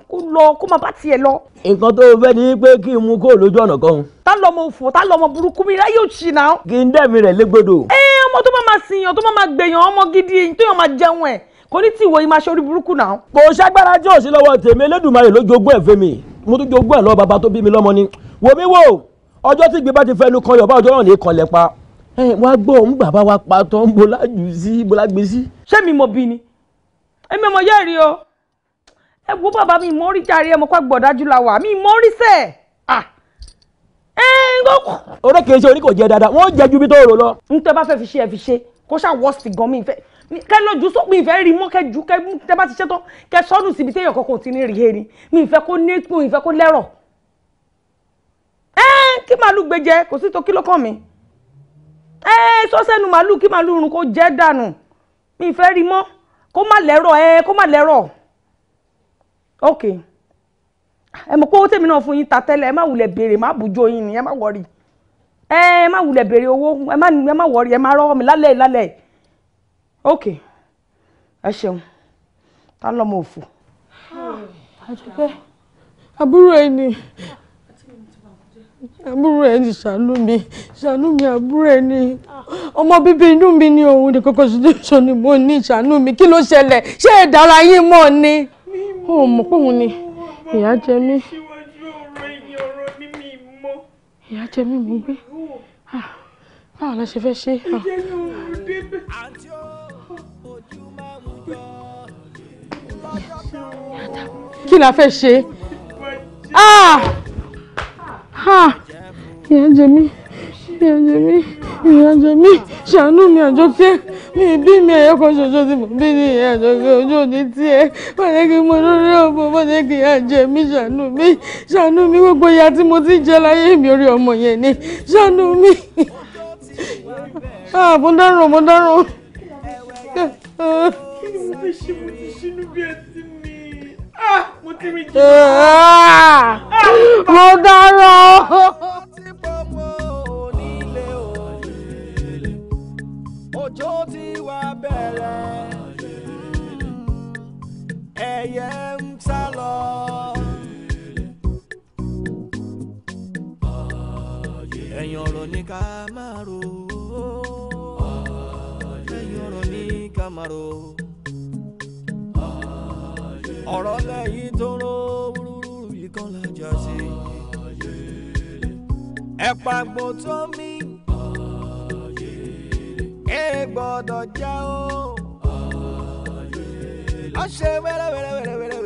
kó lọ kó máa bá tiẹ̀ lọ. nǹkan tó fẹ́ ni pé kí n mú kó lójú ọ̀nà kan. tá lọmọ òfò tá lọmọ burúkú mi ráyè òṣì náà. kí n dẹ́mi rẹ̀ légbodò. ẹ ọmọ tó bá máa sìyàn tó bá máa gbèyàn ọmọ gidi tó yàn máa jẹun ẹ̀ kò ní tí ìwọ yìí máa ṣe orí burúkú náà. kò ṣàgbára jẹ́ òsì lọ́wọ́ tèmi Elédùmarè ló jogún ẹ̀ fẹ́mi mo tún jogún ẹ̀ lọ́wọ́ bàbá tó bí mi lọ́mọ ni wò mí wò ọjọ́ tí ìgbé bá ti fẹnu kan yọ̀bá ọjọ́ náà lè kọlẹ̀ pa. ẹ wá gbọ́ ń bàbá wa pa tán ń bolá jù sí bolá gbé sí. ṣé mi mọ̀ bí ni èmi ọmọ yẹ́ rí o ẹ wo bàbá mi mọ́ rí jàre ẹmọ pa gbọ̀dájú la wà mi mọ́ rí sẹ́ẹ̀ ah orókè iṣẹ́ oníkò jẹ dáadáa wọ́n jẹ ju bí tó rò lọ. n tẹ́ bá fẹ́ fi ṣe ẹ fi ṣe kó gan mi fẹ́ kẹ́ lójú sópin ìfẹ́ rí mọ́ kẹ́ ju kẹ́ bá ti ṣe tán kẹ́ sọ́nù síbi tí èèyàn kankan ti ní rí erin mi ìfẹ́ kó ní kún ìfẹ́ kó lẹ́rọ̀ ẹ́ẹ́ kí màálù gbé jẹ kò sí tó kí ló kàn mí ẹ́ẹ́ sọ́sẹ́nu màálù kí màálù run kó jẹ́ dànù mi ìfẹ́ rí mọ́ kó má lẹ́rọ̀ kó má lẹ́rọ̀ ok ẹ mọ̀ pé owó tèmi náà fún yín ta tẹ́lẹ̀ ẹ má wulẹ̀ béèrè má bùjọ yín ni ẹ má wọrí ẹ má wulẹ̀ béèrè owó ẹ má wọrí ẹ má rọ́ mi lálẹ́ lálẹ́ ok ẹ ṣeun ta lọmọ òfò. àjọpẹ́ àbúrò ẹ ni àbúrò ẹ ni ṣàánú mi ṣàánú mi àbúrò ẹ ni ọmọ bíbí inú mi ni òun ní kókó situation ni mo ní ṣàánú mi kí ló ṣẹlẹ̀ ṣé ìdára yín mọ̀ ni ó mọ̀ pé òun ni ìyá jẹ mí ìyá jẹ mí mo gbé ah, báwo la ṣe fẹ́ ṣe. ìyá ni òun débẹ̀. kí la fẹ́ ṣe ah! ah! ìyà jẹ mí ìyà jẹ mí ìyà jẹ mí ṣàánú mi àjọ kẹ́ mi bí mi ẹ̀yọ́ kan ṣoṣo tí mo bí ní ìyá àjọ kẹ́ ojú òní tiẹ̀ bọ́dẹ̀ kí mo lórí ọmọ bọ́dẹ̀ kí ìyà jẹ mí ṣàánú mi ṣàánú mi gbogbo ìyà tí mo ti jẹ láyé mi orí ọmọ yẹn ni ṣàánú mi ah, mo dáràn mo dáràn. kí ni mo fẹ́ ṣe mo ti ṣinú bí ẹ Ah, mo ti mi jù. Ah, mo dára. òjò ti wá bẹ̀rẹ̀ ẹyẹ ń sá lọ. ẹ̀yìn ọ̀rọ̀ ni ká máa rò ó ẹ̀yìn ni ká máa rò ọ̀rọ̀ lẹ́yìn tó rọ wúrúwúrú yìí kan lájà sí. ẹ̀pà gbòtọ́ mi ẹ gbọ́dọ̀ já o. ó wẹ́rẹ́wẹ́rẹ́wẹ́rẹ́.